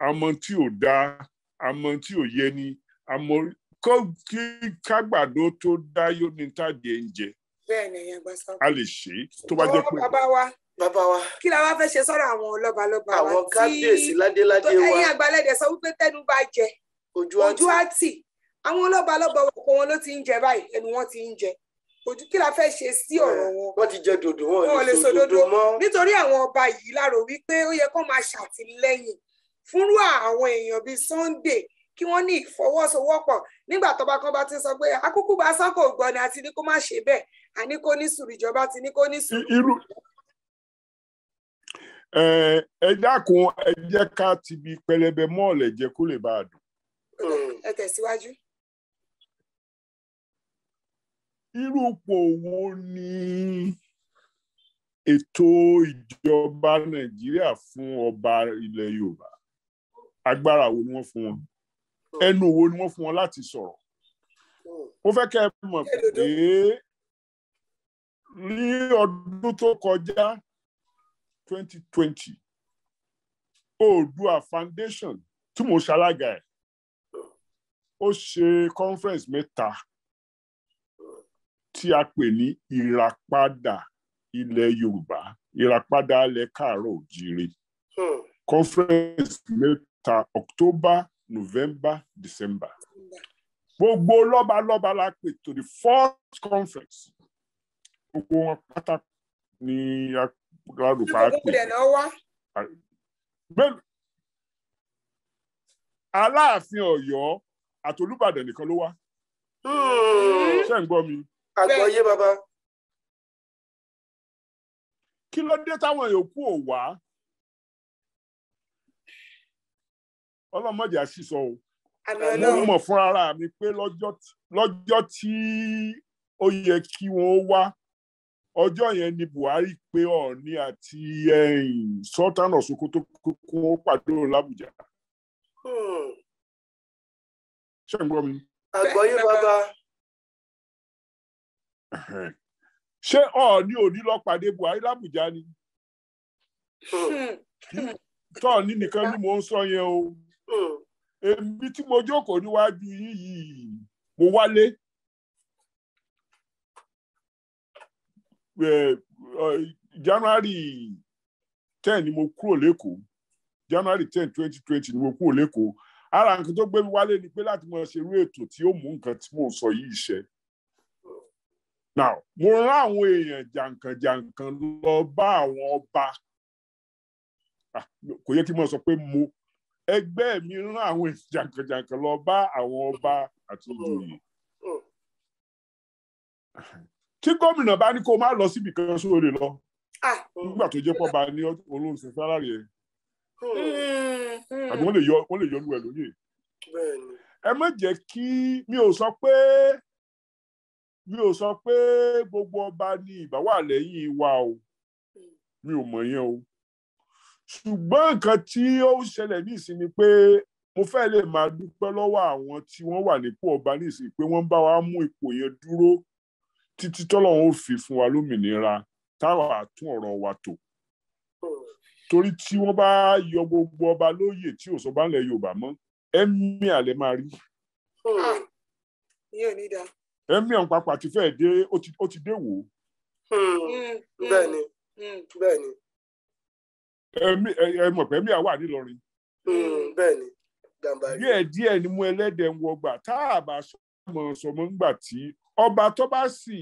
àmọ́ tí ò dáa àmọ́ tí ò yẹ ni àmọ́ kí kágbàdo tó dá yóò ní tàdé ń jẹ a lè ṣe tó bá jẹ́ pé. bàbá wa bàbá wa. kí la wá fẹ́ ṣe sọ́rọ̀ àwọn lọ́balọ́ba wa tí àwọn kábíyèsí ládéládé wa ẹ̀yin àgbàlẹ̀dẹ̀ sọ wípé tẹ́nu bá jẹ ojú àti àwọn lọ́balọ́ba wọn kó wọn ló ti ń jẹ báyìí ẹnu wọn ti ń jẹ ojú kí la fẹ́ ṣe sí ọ̀rọ̀ wọn. wọ́n ti jẹ dòdò wọn ò lè sòdodo mọ́. nítorí àwọn ọba yìí láàrò wípé ó yẹ kó máa ṣàtìlẹ́yìn fúnrú àwọn èèyàn bíi Sunday kí wọ́n ní ìfọwọ́sowọ́pọ̀ nígbà tọba kan bá ti sọ pé akúkú bá sán kò gbọ́ ni àti ní kó má ṣe bẹ́ẹ̀ àní kó ní sùúrù ìjọba ti ní kó ní sùúrù. irú ẹ dákun ẹ jẹ́ ká ti bi pẹlẹbẹ mọ́ọ̀lẹ̀ jẹ́ kó lè bá a dùn. ẹ tẹ̀síwájú. irú ipò wo ni ètò ìjọba nàìjíríà fún ọba ilẹ̀ yorùbá agbára wo ni wọ́n fún wọn ẹnu wo ni wọ́n fún wọn láti sọ̀rọ̀ ó fẹ́ kẹ́ ẹ mọ̀ pé ní ọdún tó kọjá twenty oòdua foundation tí mo ṣalága ẹ̀ ó ṣe conference mẹ́ta tí a pè ní ìràpadà ilẹ̀ Yorùbá ìràpadà alẹ́ káàárọ̀ òjìire hmm. conference mẹ́ta October November December gbogbo lọ́balọ́ba la pè to the fourth conference gbogbo wọn pátá ni alárùpá pè Aláàfin Ọ̀yọ́ àtolúbàdàn nìkan ló wá hmm. ṣé ń gbọ́ mi àgbọ̀yé baba kí ló dé táwọn yòókù ò wá ọlọ́mọdé àṣìṣọ o mo mọ̀ fún ara mi pé lọ́jọ́ tí ó yẹ kí wọ́n wá ọjọ́ yẹn ni Buhari pé Ọọ̀ni àti Sultan of Sokoto kókó pàdé l'Àbújá. Hmm. ṣé ń gbọ́ mi. àgbọ̀yé bàbá. ṣé ọ̀ọ́ni òní lọ pàdé buhari làbújá ni hmm. tọ́ọ̀ni nìkan ni mò ń sọ yẹn o hmm. èmi tí mo jókòó níwájú yín yìí mo wálé january ten ni mo kúrò lẹ́kọ̀ọ́ january ten twenty twenty ni mo kúrò lẹ́kọ̀ọ́ ara nǹkan tó gbé mi wálé ni pé láti mọ̀ ṣerú ètò tí ó mú nǹkan tí mò ń sọ yìí ṣe. now mo rán àwọn èèyàn jàǹkànjàǹkàn lọ bá àwọn ọba ah, kò yẹ kí mo sọ pé mo ẹgbẹ́ mi rán àwọn èèyàn jàǹkànjàǹkàn lọ bá àwọn ọba àti ìjòyè tí gómìnà bá ní kó má lọ síbi kan sóore lọ ah. nígbà tó jẹ́ pọ̀ bá ní olóòsè sálárì ẹ̀ hmm. àbí wọ́n lè yọ wọ́n lè ẹ̀ lóye ẹ má jẹ́ kí mi ò sọ pé. mi ò sọ pé gbogbo ọba ni ìbá wà lẹ́yìn wa o mi ò mọ̀ yẹn o ṣùgbọ́n nǹkan tí ó ṣẹlẹ̀ ní ìsìn ni pé mo fẹ́ lè máa dúpẹ́ lọ́wọ́ àwọn tí wọ́n wà nípò ọba ní ìsìn pé wọ́n ń bá wa mú ipò yẹn dúró títí tọ́lọ́run ó fi fún wa lómìnira táwa tún ọ̀rọ̀ wa tò torí tí wọ́n bá yọ gbogbo ọba lóyè tí ò sọ bá ń lẹ Yorùbá mọ́ ẹ̀mí àlẹ́ máa rí. yóò ní dáa emion pàápàá ti fẹ́ẹ̀ dé ó ti dé wò. Hmm, bẹ́ẹ̀ni hmm, hmm. bẹ́ẹ̀ni. ẹ mọ̀ pé emir wà nílọrin. bẹ́ẹ̀ni gàmbàrí. díẹ̀ díẹ̀ ni mú ẹlẹ́dẹ̀ ń wọgbà tá a bá sọmọ sọmọ ńgbà tí ọba tó bá sì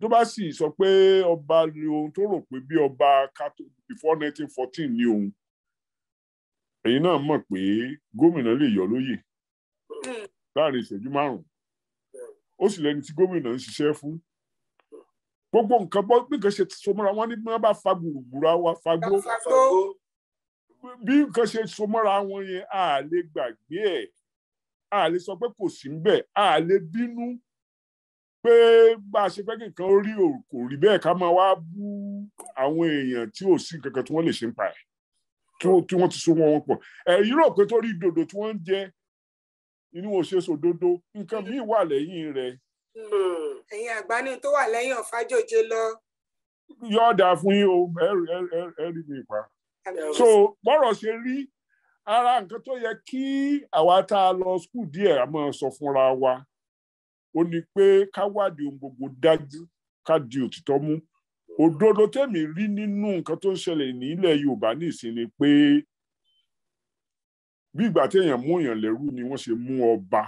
tó bá sì sọ pé ọba ni ohun tó rò pé bí ọba kátó before nineteen fourteen ni òun ẹ̀yin náà mọ̀ pé gómìnà lè yọ lóyè láàrin ìṣẹ́jú márùn-ún ó sì lẹni tí gómìnà ń ṣiṣẹ́ fún gbogbo nǹkan bọ́ bí nǹkan ṣe sọmọ́ra wọn ní bí wọ́n bá fa gbùrùgbùrù wa fagbó bí nǹkan ṣe sọmọ́ra wọn yẹn a lè gbàgbé ẹ̀ a lè sọ pé kò sí níbẹ̀ a lè bínú pé bá a ṣe fẹ́ kí nǹkan rí kò rí bẹ́ẹ̀ ká máa wá bú àwọn èèyàn tí ò sí kankan tí wọ́n lè ṣe ń pa ẹ̀ tí wọ́n ti so wọn pọ̀ ẹ̀ yúrò pé tó rí dòdò tí wọ́n ń jẹ́ inú ò ṣe sòdodo nǹkan míì wà lẹ́yìn rẹ̀. Hmm. ẹ̀yin àgbà ní tó wà lẹ́yìn ọ̀fájòjé lọ. yóò dáa fún yín o ẹ rí mi pa. so bọ́rọ̀ ṣe rí ara nǹkan tó yẹ kí àwa tá a lọ skul díẹ̀ a máa sọ fúnra wa ó ní pé ká wádìí ohun gbogbo dájú ká di òtítọ́ mú òdodo tẹ̀mí rí nínú nǹkan tó ń ṣẹlẹ̀ nílẹ̀ yorùbá nìsín pé bí ìgbà téèyàn mú èèyàn lẹ́rú ni wọ́n ṣe mú ọba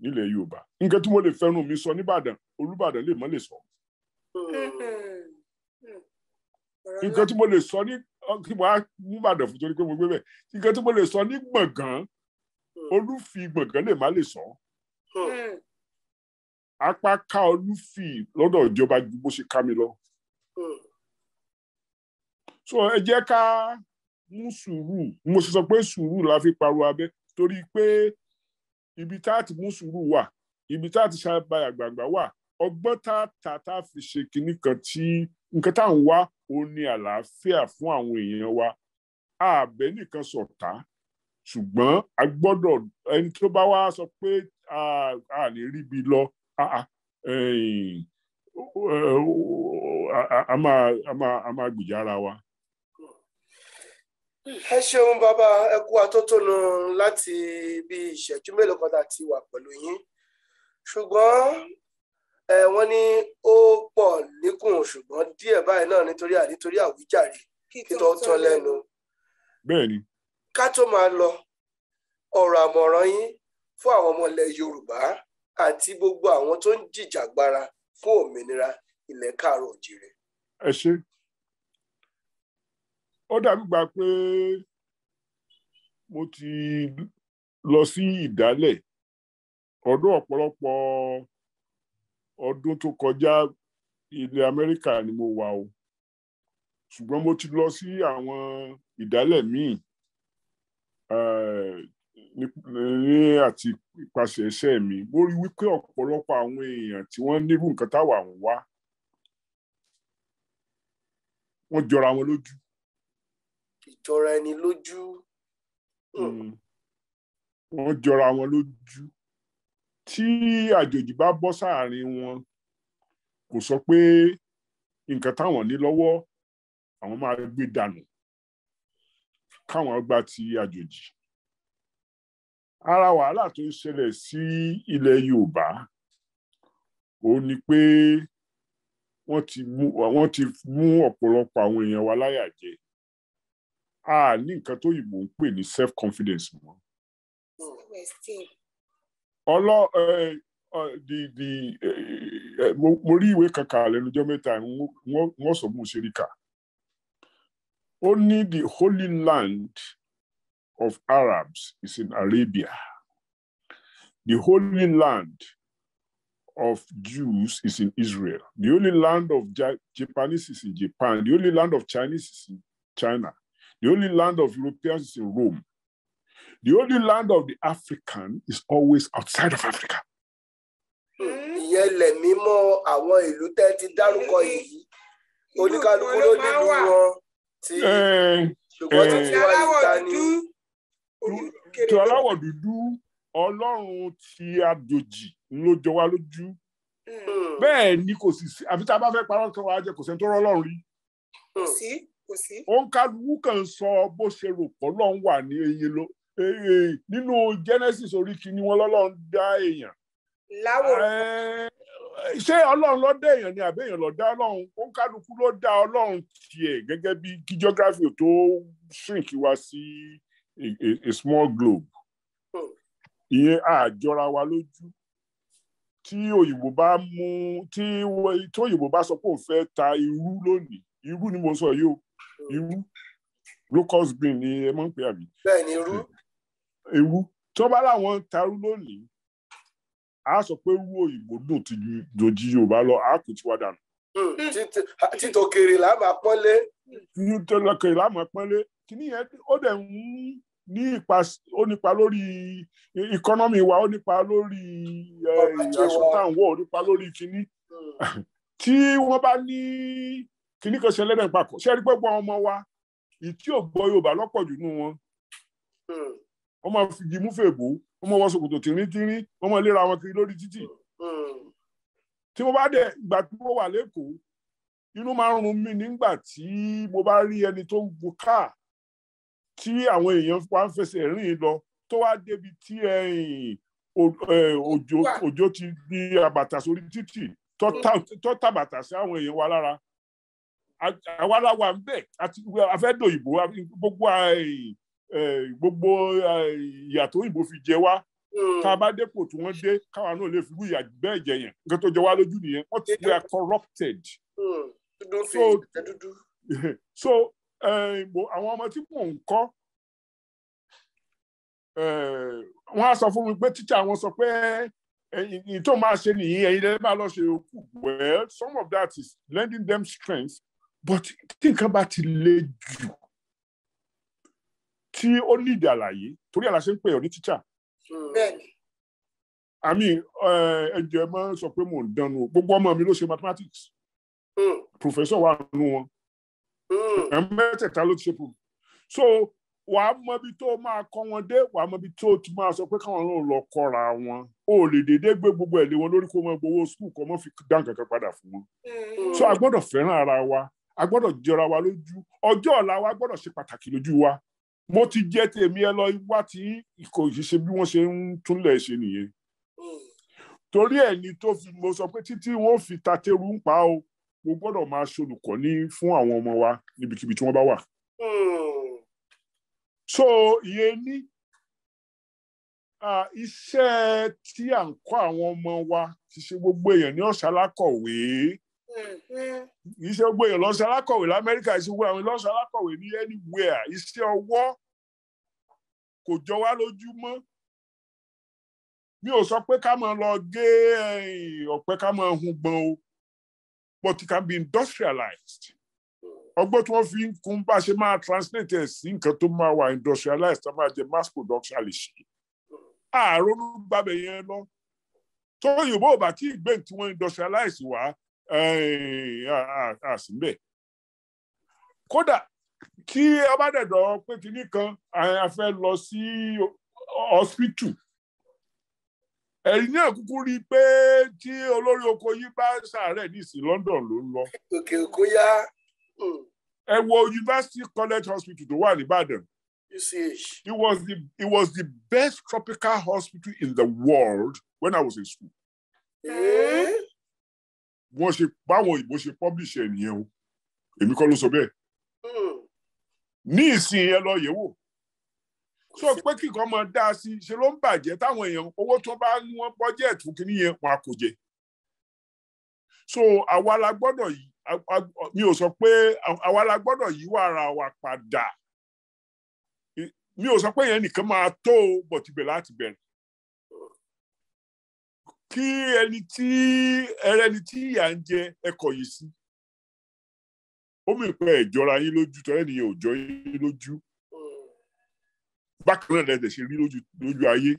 nílẹ̀ yorùbá nǹkan tí mo lè fẹ́ràn mi sọ nìbàdàn olùbàdàn lè mọ́ lè sọ. nǹkan tí mo lè sọ ní kí wàá mú bàdàn fún torí pé mo gbé bẹ́ẹ̀ nǹkan tí mo lè sọ ní gbọ̀ngàn olúfi gbọ̀ngàn lè má lè sọ. apá ká olúfi lọ́dọ̀ ìjọba ju bó ṣe ká mi lọ. so ẹ jẹ́ ká mú sùúrù mo ṣe sọ pé sùúrù la fi paro abẹ́ torí pé ibi tá a ti mú sùúrù wà ibi tá a ti ṣàbàyà gbàgbà wà ọgbọ́n tá a tà tá a fi ṣe kinní kan tí nǹkan tá à ń wá òun ni àlàáfíà fún àwọn èèyàn wa ààbẹ̀ nìkan ṣọ̀tá ṣùgbọ́n a gbọ́dọ̀ ẹni tó bá wá sọ pé a lè ríbi lọ a máa gbìjà ara wa ẹ ṣeun bàbá ẹ kú atótónu láti bí ìṣẹ́jú mélòó kan láti wà pẹ̀lú yín ṣùgbọ́n ẹ wọ́n ní ó pọ̀ níkùn ṣùgbọ́n díẹ̀ báyìí náà nítorí ànítorí àwíjàre ìtọ́ tán lẹ́nu. bẹ́ẹ̀ni. ká tó máa lọ ọ̀rọ̀ àmọ̀ràn yín fún àwọn ọmọ ilẹ̀ yorùbá àti gbogbo àwọn tó ń jìjàgbara fún òmìnira ilẹ̀ káàárọ̀ òjìrè. ẹ ṣe ó dàbí gbà pé mo ti lọ sí ìdálẹ̀ ọdún ọ̀pọ̀lọpọ̀ ọdún tó kọjá ilẹ̀ Amẹ́ríkà ni mo wà o ṣùgbọ́n mo ti lọ sí àwọn ìdálẹ̀ míì eh, ní àti ìpasẹ̀ ẹsẹ̀ mi mo rí wípé ọ̀pọ̀lọpọ̀ àwọn èèyàn tí wọ́n nírú nǹkan táwa ń wá wọ́n jọra wọn lójú jọra ẹni lójú. Hmm. Hmm. wọ́n jọra wọn lójú tí àjòjì bá bọ́ sáàárín wọn kò sọ pé nǹkan táwọn ní lọ́wọ́ àwọn máa gbé dànù káwọn gba ti àjòjì ara wàhálà tó ń ṣẹlẹ̀ sí ilẹ̀ Yorùbá òun ni pé wọ́n ti mú ọ̀pọ̀lọpọ̀ àwọn èèyàn wa láyà jẹ Ah, ní nǹkan tó yìnbó ń pè ní self confidence mọ́. ọlọ di di mo rí ìwé kankan lẹ́nujọ́ mẹ́ta wọ́n sọ bó ṣe rí kà ó ní the holy land of Arabs is in Arabia the holy land of Jews is in Israel. The only land of Japanese is in Japan. The only land of Chinese is in China. The only land of Europeans is in Rome. The only land of the African is always outside of Africa. Eh, eh, Ọlọ́run ti àjòjì ló jọ lójú. Hmm. Bẹ́ẹ̀ ni kò sì sí, àfi tá a bá fẹ́ parọ́ kan wá jẹ kò sẹ́ni tó rọ́ Ọlọ́run rí. Hmm òǹkàlùkù kan sọ bó ṣe rò pọ̀ lọ́n wà ní eyín ló eh, nínú Genesis orí kìíní wọn lọ́lọ́run dá èèyàn. láwòrán eh, ṣé ọlọ́run ló dá èèyàn ni àbí èèyàn ló dá ọlọ́run òǹkàlùkù ló dá ọlọ́run tiẹ̀ gẹ́gẹ́ bí kí geography tó shrink wá sí a small globe ìyẹn àjọra wa lójú tí òyìnbó bá mú tí òyìnbó bá sọ pé òun fẹ́ ta irú lónìí irú ni mo sọ yìí o irú locust green ni ẹ máa ń pè àbí. bẹ́ẹ̀ ni irú. irú tí wọ́n tarú lónìí a sọ pé irú òyìnbó dùn ti dòjì yorùbá lọ a kò ti wá dànù. Hmm, títò kèrè là máa pọ́nlé. títò kèrè là máa pọ́nlé kìíní yẹn ó dẹ̀ ń ní ipa ó nípa lórí economy wa ó nípa lórí eh, àsùntàn wọ̀ ó nípa lórí kìíní hmm. tí wọ́n bá ní kíní kan ṣẹlẹ̀ náà papọ̀ ṣe é rí gbogbo àwọn ọmọ wa ìtí ò gbọ́ Yorùbá lọ́pọ̀ jù nù wọn wọ́n máa fi gimú fèbó wọ́n máa wọ ṣòkòtò tìrìntìrìn wọ́n máa léra wọn kiri lórí títì tí mo bá dẹ̀ ìgbà tí mo wà lẹ́kọ̀ọ́ inú máa ń run mí nígbà tí mo bá rí ẹni tó ń gun káà tí àwọn èèyàn wa ń fẹsẹ̀ rìn lọ tó wá débi tí eh, eh, òjò ti di àbàtà sórí títì tó tàbàtà sí àwọn èèyàn wa lára àwa la ń bẹ̀ àti afẹ́dọ̀ òyìnbó gbogbo eh, eh, gbogbo eh, ìyà tó òyìnbó fi jẹ wá hmm. tá bá dépò tí wọ́n dé káwa náà lè fi wú ìyà bẹ́ẹ̀ jẹ yẹn nǹkan tó jẹ wá lójú nìyẹn wọ́n ti were corrupted. Hmm. so so àwọn ọmọ tí mò ń kọ́ wọ́n á sọ fún mi pé tíṣà wọn sọ pé ẹ̀yin tó máa ṣe nìyí ẹ̀yin lẹ́yìn máa lọ ṣe òkú well some of that is lending them strength but tí nǹkan bá ti le jù tí ó nídìí àlàyé torí àlàṣe ń pè ọ ní tíṣà. Hmm. bẹ́ẹ̀ni. àmì ẹjọ ẹ máa ń sọ pé mò ń dánú gbogbo ọmọ mi ló ṣe mathematics hmm. professor wà nù wọn hmm. ẹ mẹ́tẹ̀ẹ̀ta ló ti ṣe pò so wà á mọ ibi tó máa kọ́ wọn dé wà á mọ ibi tó ti máa sọ pé káwọn náà lọ kọ́ra wọn ó lè dédé gbé gbogbo ẹ̀ lé wọn lórí kó wọn gbowó skul kọ́ mọ́ fi dá nǹkan padà fún wọn so a gbọ́dọ̀ fẹ́ràn ara wa a gbọ́dọ̀ jọra wa lójú ọjọ́ ọ̀la wa gbọ́dọ̀ ṣe pàtàkì lójú wa mo ti jẹ tèmi ẹ lọ wá tí kò ṣe bí wọ́n ṣe ń túnlẹ̀ ṣe nìyẹn torí ẹ̀ ni tó fi mo sọ pé títí wọ́n fi ta teru ń pa o mo gbọ́dọ̀ máa ṣolùkọ́ ní fún àwọn ọmọ wa níbikíbi tí wọ́n bá wà. so ìyẹn ní iṣẹ́ tí à ń kọ́ àwọn ọmọ wa ti ṣe gbogbo èèyàn ní ọ̀ṣálákọ̀wé iṣẹ́ gbogbo èèyàn lọ́sọ alákọ̀wé lamẹ́ríkà iṣẹ́ gbogbo àwọn lọ́sọ alákọ̀wé ní anywhere iṣẹ́ ọwọ́ kò jọ wá lójú mọ́ mi ò sọ pé ká máa lọ gé eh, ọ̀pẹ ká máa hun gbọ̀n o but it can be industrialized ọgbọ́n tí wọ́n fi ń kún bá ṣe máa translate ẹ̀ sí nǹkan tó máa wà industrialized tó máa jẹ mass production lè ṣe ààrùn gbàgbé yẹn lọ tó òyìnbó ò bá tí ì tí wọ́n industrialize wá àsìmbẹ̀ kódà kí ọbádẹ̀dọ̀ pé kinní kan a lọ sí hospital ẹ̀yin náà kúkú rí i pé tí olórí oko yìí bá ṣàárẹ̀ nísìn London ló ń lọ. òkè òkú yá. ẹ wo University College Hospital tó wà nìbàdàn. UCH. It was the it was the best tropical hospital in the world when I was in school. Eh? wọ́n ṣe báwọn òyìnbó ṣe publish ẹ̀ nìyẹn o èmi kọ́ ló sọ bẹ́ẹ̀ ní ìsìn yẹn lọ yẹ̀ wò sọ pé kíkan máa dá a sí ṣe ló ń bàjẹ́ táwọn èèyàn owó tó bá ní wọ́n bọ́jẹ̀tì fún kínní yẹn wọn kò jẹ so àwa la gbọ́dọ̀ yìí mi ò sọ pé àwa la gbọ́dọ̀ yí wàrà wa padà mi ò sọ pé yẹn nìkan máa tó o bọ̀ láti bẹ̀rẹ̀ kí ẹni tí ẹrẹni tí ìyà ń jẹ ẹkọ yìí sí ó mì ìjọra yín lójú tọ́ ẹnìyàn ò jọ yín lójú bákan náà lẹ́sẹ̀ ṣe rí lójú ayé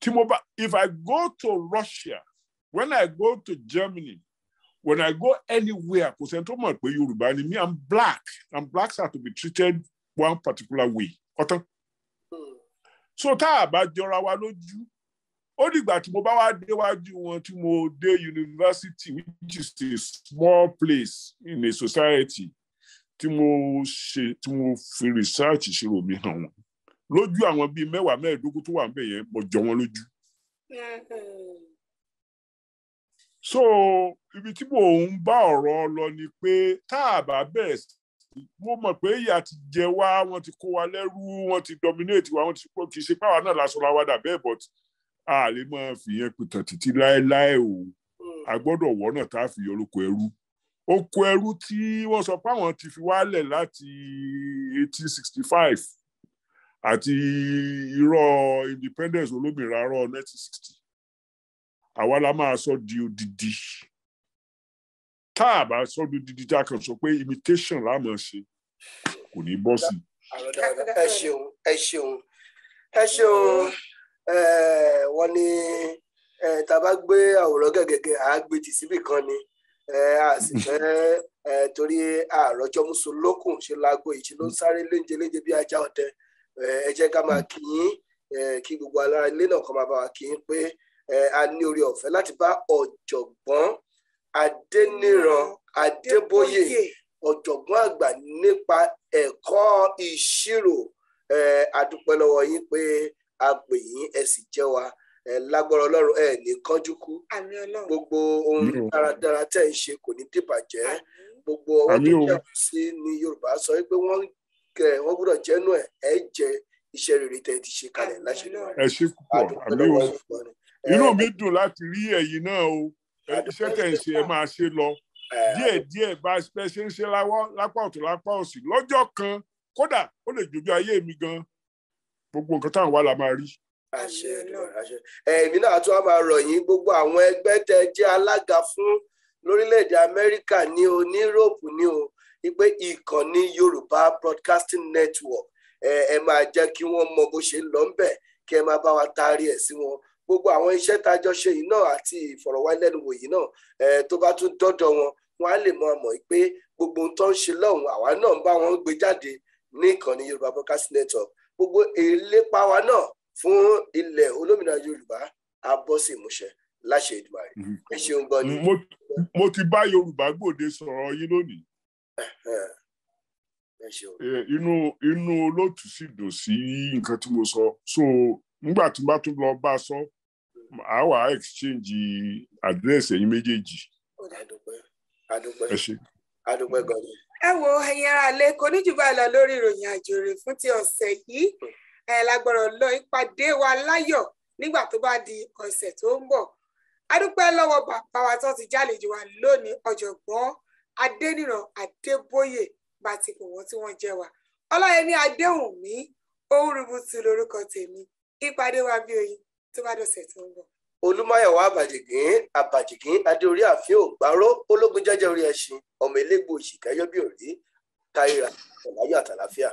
tí mo bá if I go to Russia when I go to Germany when I go anywhere kò sẹ́ni tó mọ̀ pé Yorùbá ni me I'm black and blacks are to be treated one particular way ọ̀tán so tá a bá jọra wa lójú ó dìgbà tí mo bá wá déwájú wọn tí mo dé university which is a small place in a society tí mo ṣe tí mo fi research ṣèrò mi hàn wọn lójú àwọn bíi mẹ́wàá mẹ́ẹ̀ẹ́dógún tó wà ń bẹ̀ yẹn mo jọ wọn lójú. so ibi tí mò ń bá ọ̀rọ̀ lọ ni pé tá a bá bẹ̀rẹ̀ sí mo mọ̀ pé ìyà ti jẹ wá wọ́n ti kó wa lẹ́rú wọ́n ti dominate wa wọ́n ti kó kì í ṣe páwa náà lásán la wá dà but a lè máa fìyẹn pìtàn títí láéláé o a gbọ́dọ̀ wọ́nà tá a fi yọ lóko ẹrú oko ẹrú tí wọ́n sọ pé ti fi wálẹ̀ láti eighteen sixty five àti irọ́ independence olómìnira rọ nineteen sixty àwa la máa sọ di odidi tá a bá sọ di odidi tá a kàn sọ pé imitation la máa ṣe kò ní bọ́ sí ẹ ṣeun ẹ ṣeun ẹ ṣeun. Eh, wọ́n ní eh, tàbá gbé àwòrán gẹ́gẹ́gẹ́ àágbèjì síbì kan ni eh, a sì fẹ́ torí àròjọ mùsùlùmí ṣe lágbo yìí ṣe ló ń sáré léńjẹ léńjẹ bí ajá ọdẹ ẹ jẹ́ ká máa kí yín kí gbogbo alára ilé náà kan máa bá wa kí yín pé a ní orí ọ̀fẹ́ láti bá ọ̀jọ̀gbọ́n Adéníran Adébóyè ọ̀jọ̀gbọ́n àgbà nípa ẹ̀kọ́ ìṣirò a dúpẹ́ yín pé a pè yín ẹ sì jẹ́ wa ẹ lágbára ọlọ́run ẹ ní kánjú gbogbo ohun dáradára tẹ̀ ń ṣe kò ní dìbàjẹ́ gbogbo ọwọ́ tó jẹ́ sí ni yorùbá sọ pé wọ́n kẹ wọ́n gbọ́dọ̀ jẹ́nu ẹ̀ ẹ jẹ iṣẹ́ rere tẹ̀ ti ṣe kalẹ̀ láṣẹ lọ́wọ́ ẹ ṣe púpọ̀ àmì o inú mi dùn láti rí ẹ̀yin náà o iṣẹ́ tẹ̀ ń ṣe ẹ máa ṣe lọ díẹ̀ díẹ̀ bá ṣe ń ṣe lápá ọ̀tún lápá òsì lọ́jọ́ kan kódà ó lè jòjú ayé mi gan gbogbo nǹkan tá à ń wá la máa rí. àṣẹ àṣẹ èmi náà tún á máa rọ̀ yín gbogbo àwọn ẹgbẹ́ tẹ́ jẹ́ alága fún lórílẹ̀‐èdè amẹ́ríkà ní o ní yúróòpù ní o wípé ìkànnì yorùbá broadcasting network ẹ máa jẹ́ kí wọ́n mọ bó ṣe lọ ń bẹ̀ kí ẹ máa bá wa taari ẹ̀ sí wọn gbogbo àwọn iṣẹ́ tá a jọ ṣe yìí náà àti ìfọ̀rọ̀wánilẹ́nuwò yìí náà tó bá tún dọ́dọ̀ wọn wọn á lè mọ àmọ́ pé gbogbo ohun tó ń ṣe lọ́hùn àwa náà ń bá wọn gbé jáde ní ìkànnì yorùbá broadcasting network gbogbo ìlépa wa náà fún ilẹ̀ olómìnira yorùbá á bọ́ sí ìmúṣẹ láṣẹ Èdùmàrè mhm. ẹ ṣeun gan ni. mo ti bá yorùbá gbòde sọ̀rọ̀ yín lónìí. inú inú olóòtú sì dùn sí nǹkan tí mo sọ so nígbà tí bá tún lọ bá a sọ a wà á exchange àdírẹ́sì ẹ̀yin méjèèjì. a dúpẹ́ a dúpẹ́ a dúpẹ́ gan ni ẹ wo ẹ̀yin ará ilé kò ní jù báyìí lọ lórí ìròyìn àjòrè fún ti ọ̀sẹ̀ yìí ẹ lágbọ́rọ̀ lọ ìpàdé wa láyọ̀ nígbà tó bá di ọ̀sẹ̀ tó ń bọ̀ adúpẹ́ lọ́wọ́ bàbá wa tó ti jálejò wa lónìí ọ̀jọ̀gbọ́n adẹ́nìràn adébóyè bá ti pò wọ́n tí wọ́n jẹ́ wa ọláyẹmí adéhùnmí ohun rúbùtù lórúkọ tèmi ìpàdé wa bí oyin tó bá dọ̀sẹ̀ tó ń bọ̀ olúmáyọ̀wá àbàjìgín àbàjìgín adéorí àfin ògbárò ológun jẹ́jẹ́ orí ẹṣin ọmọ elégbò òṣìkẹyọ bí òrí táyìrà ọláyọ àtàlàfíà.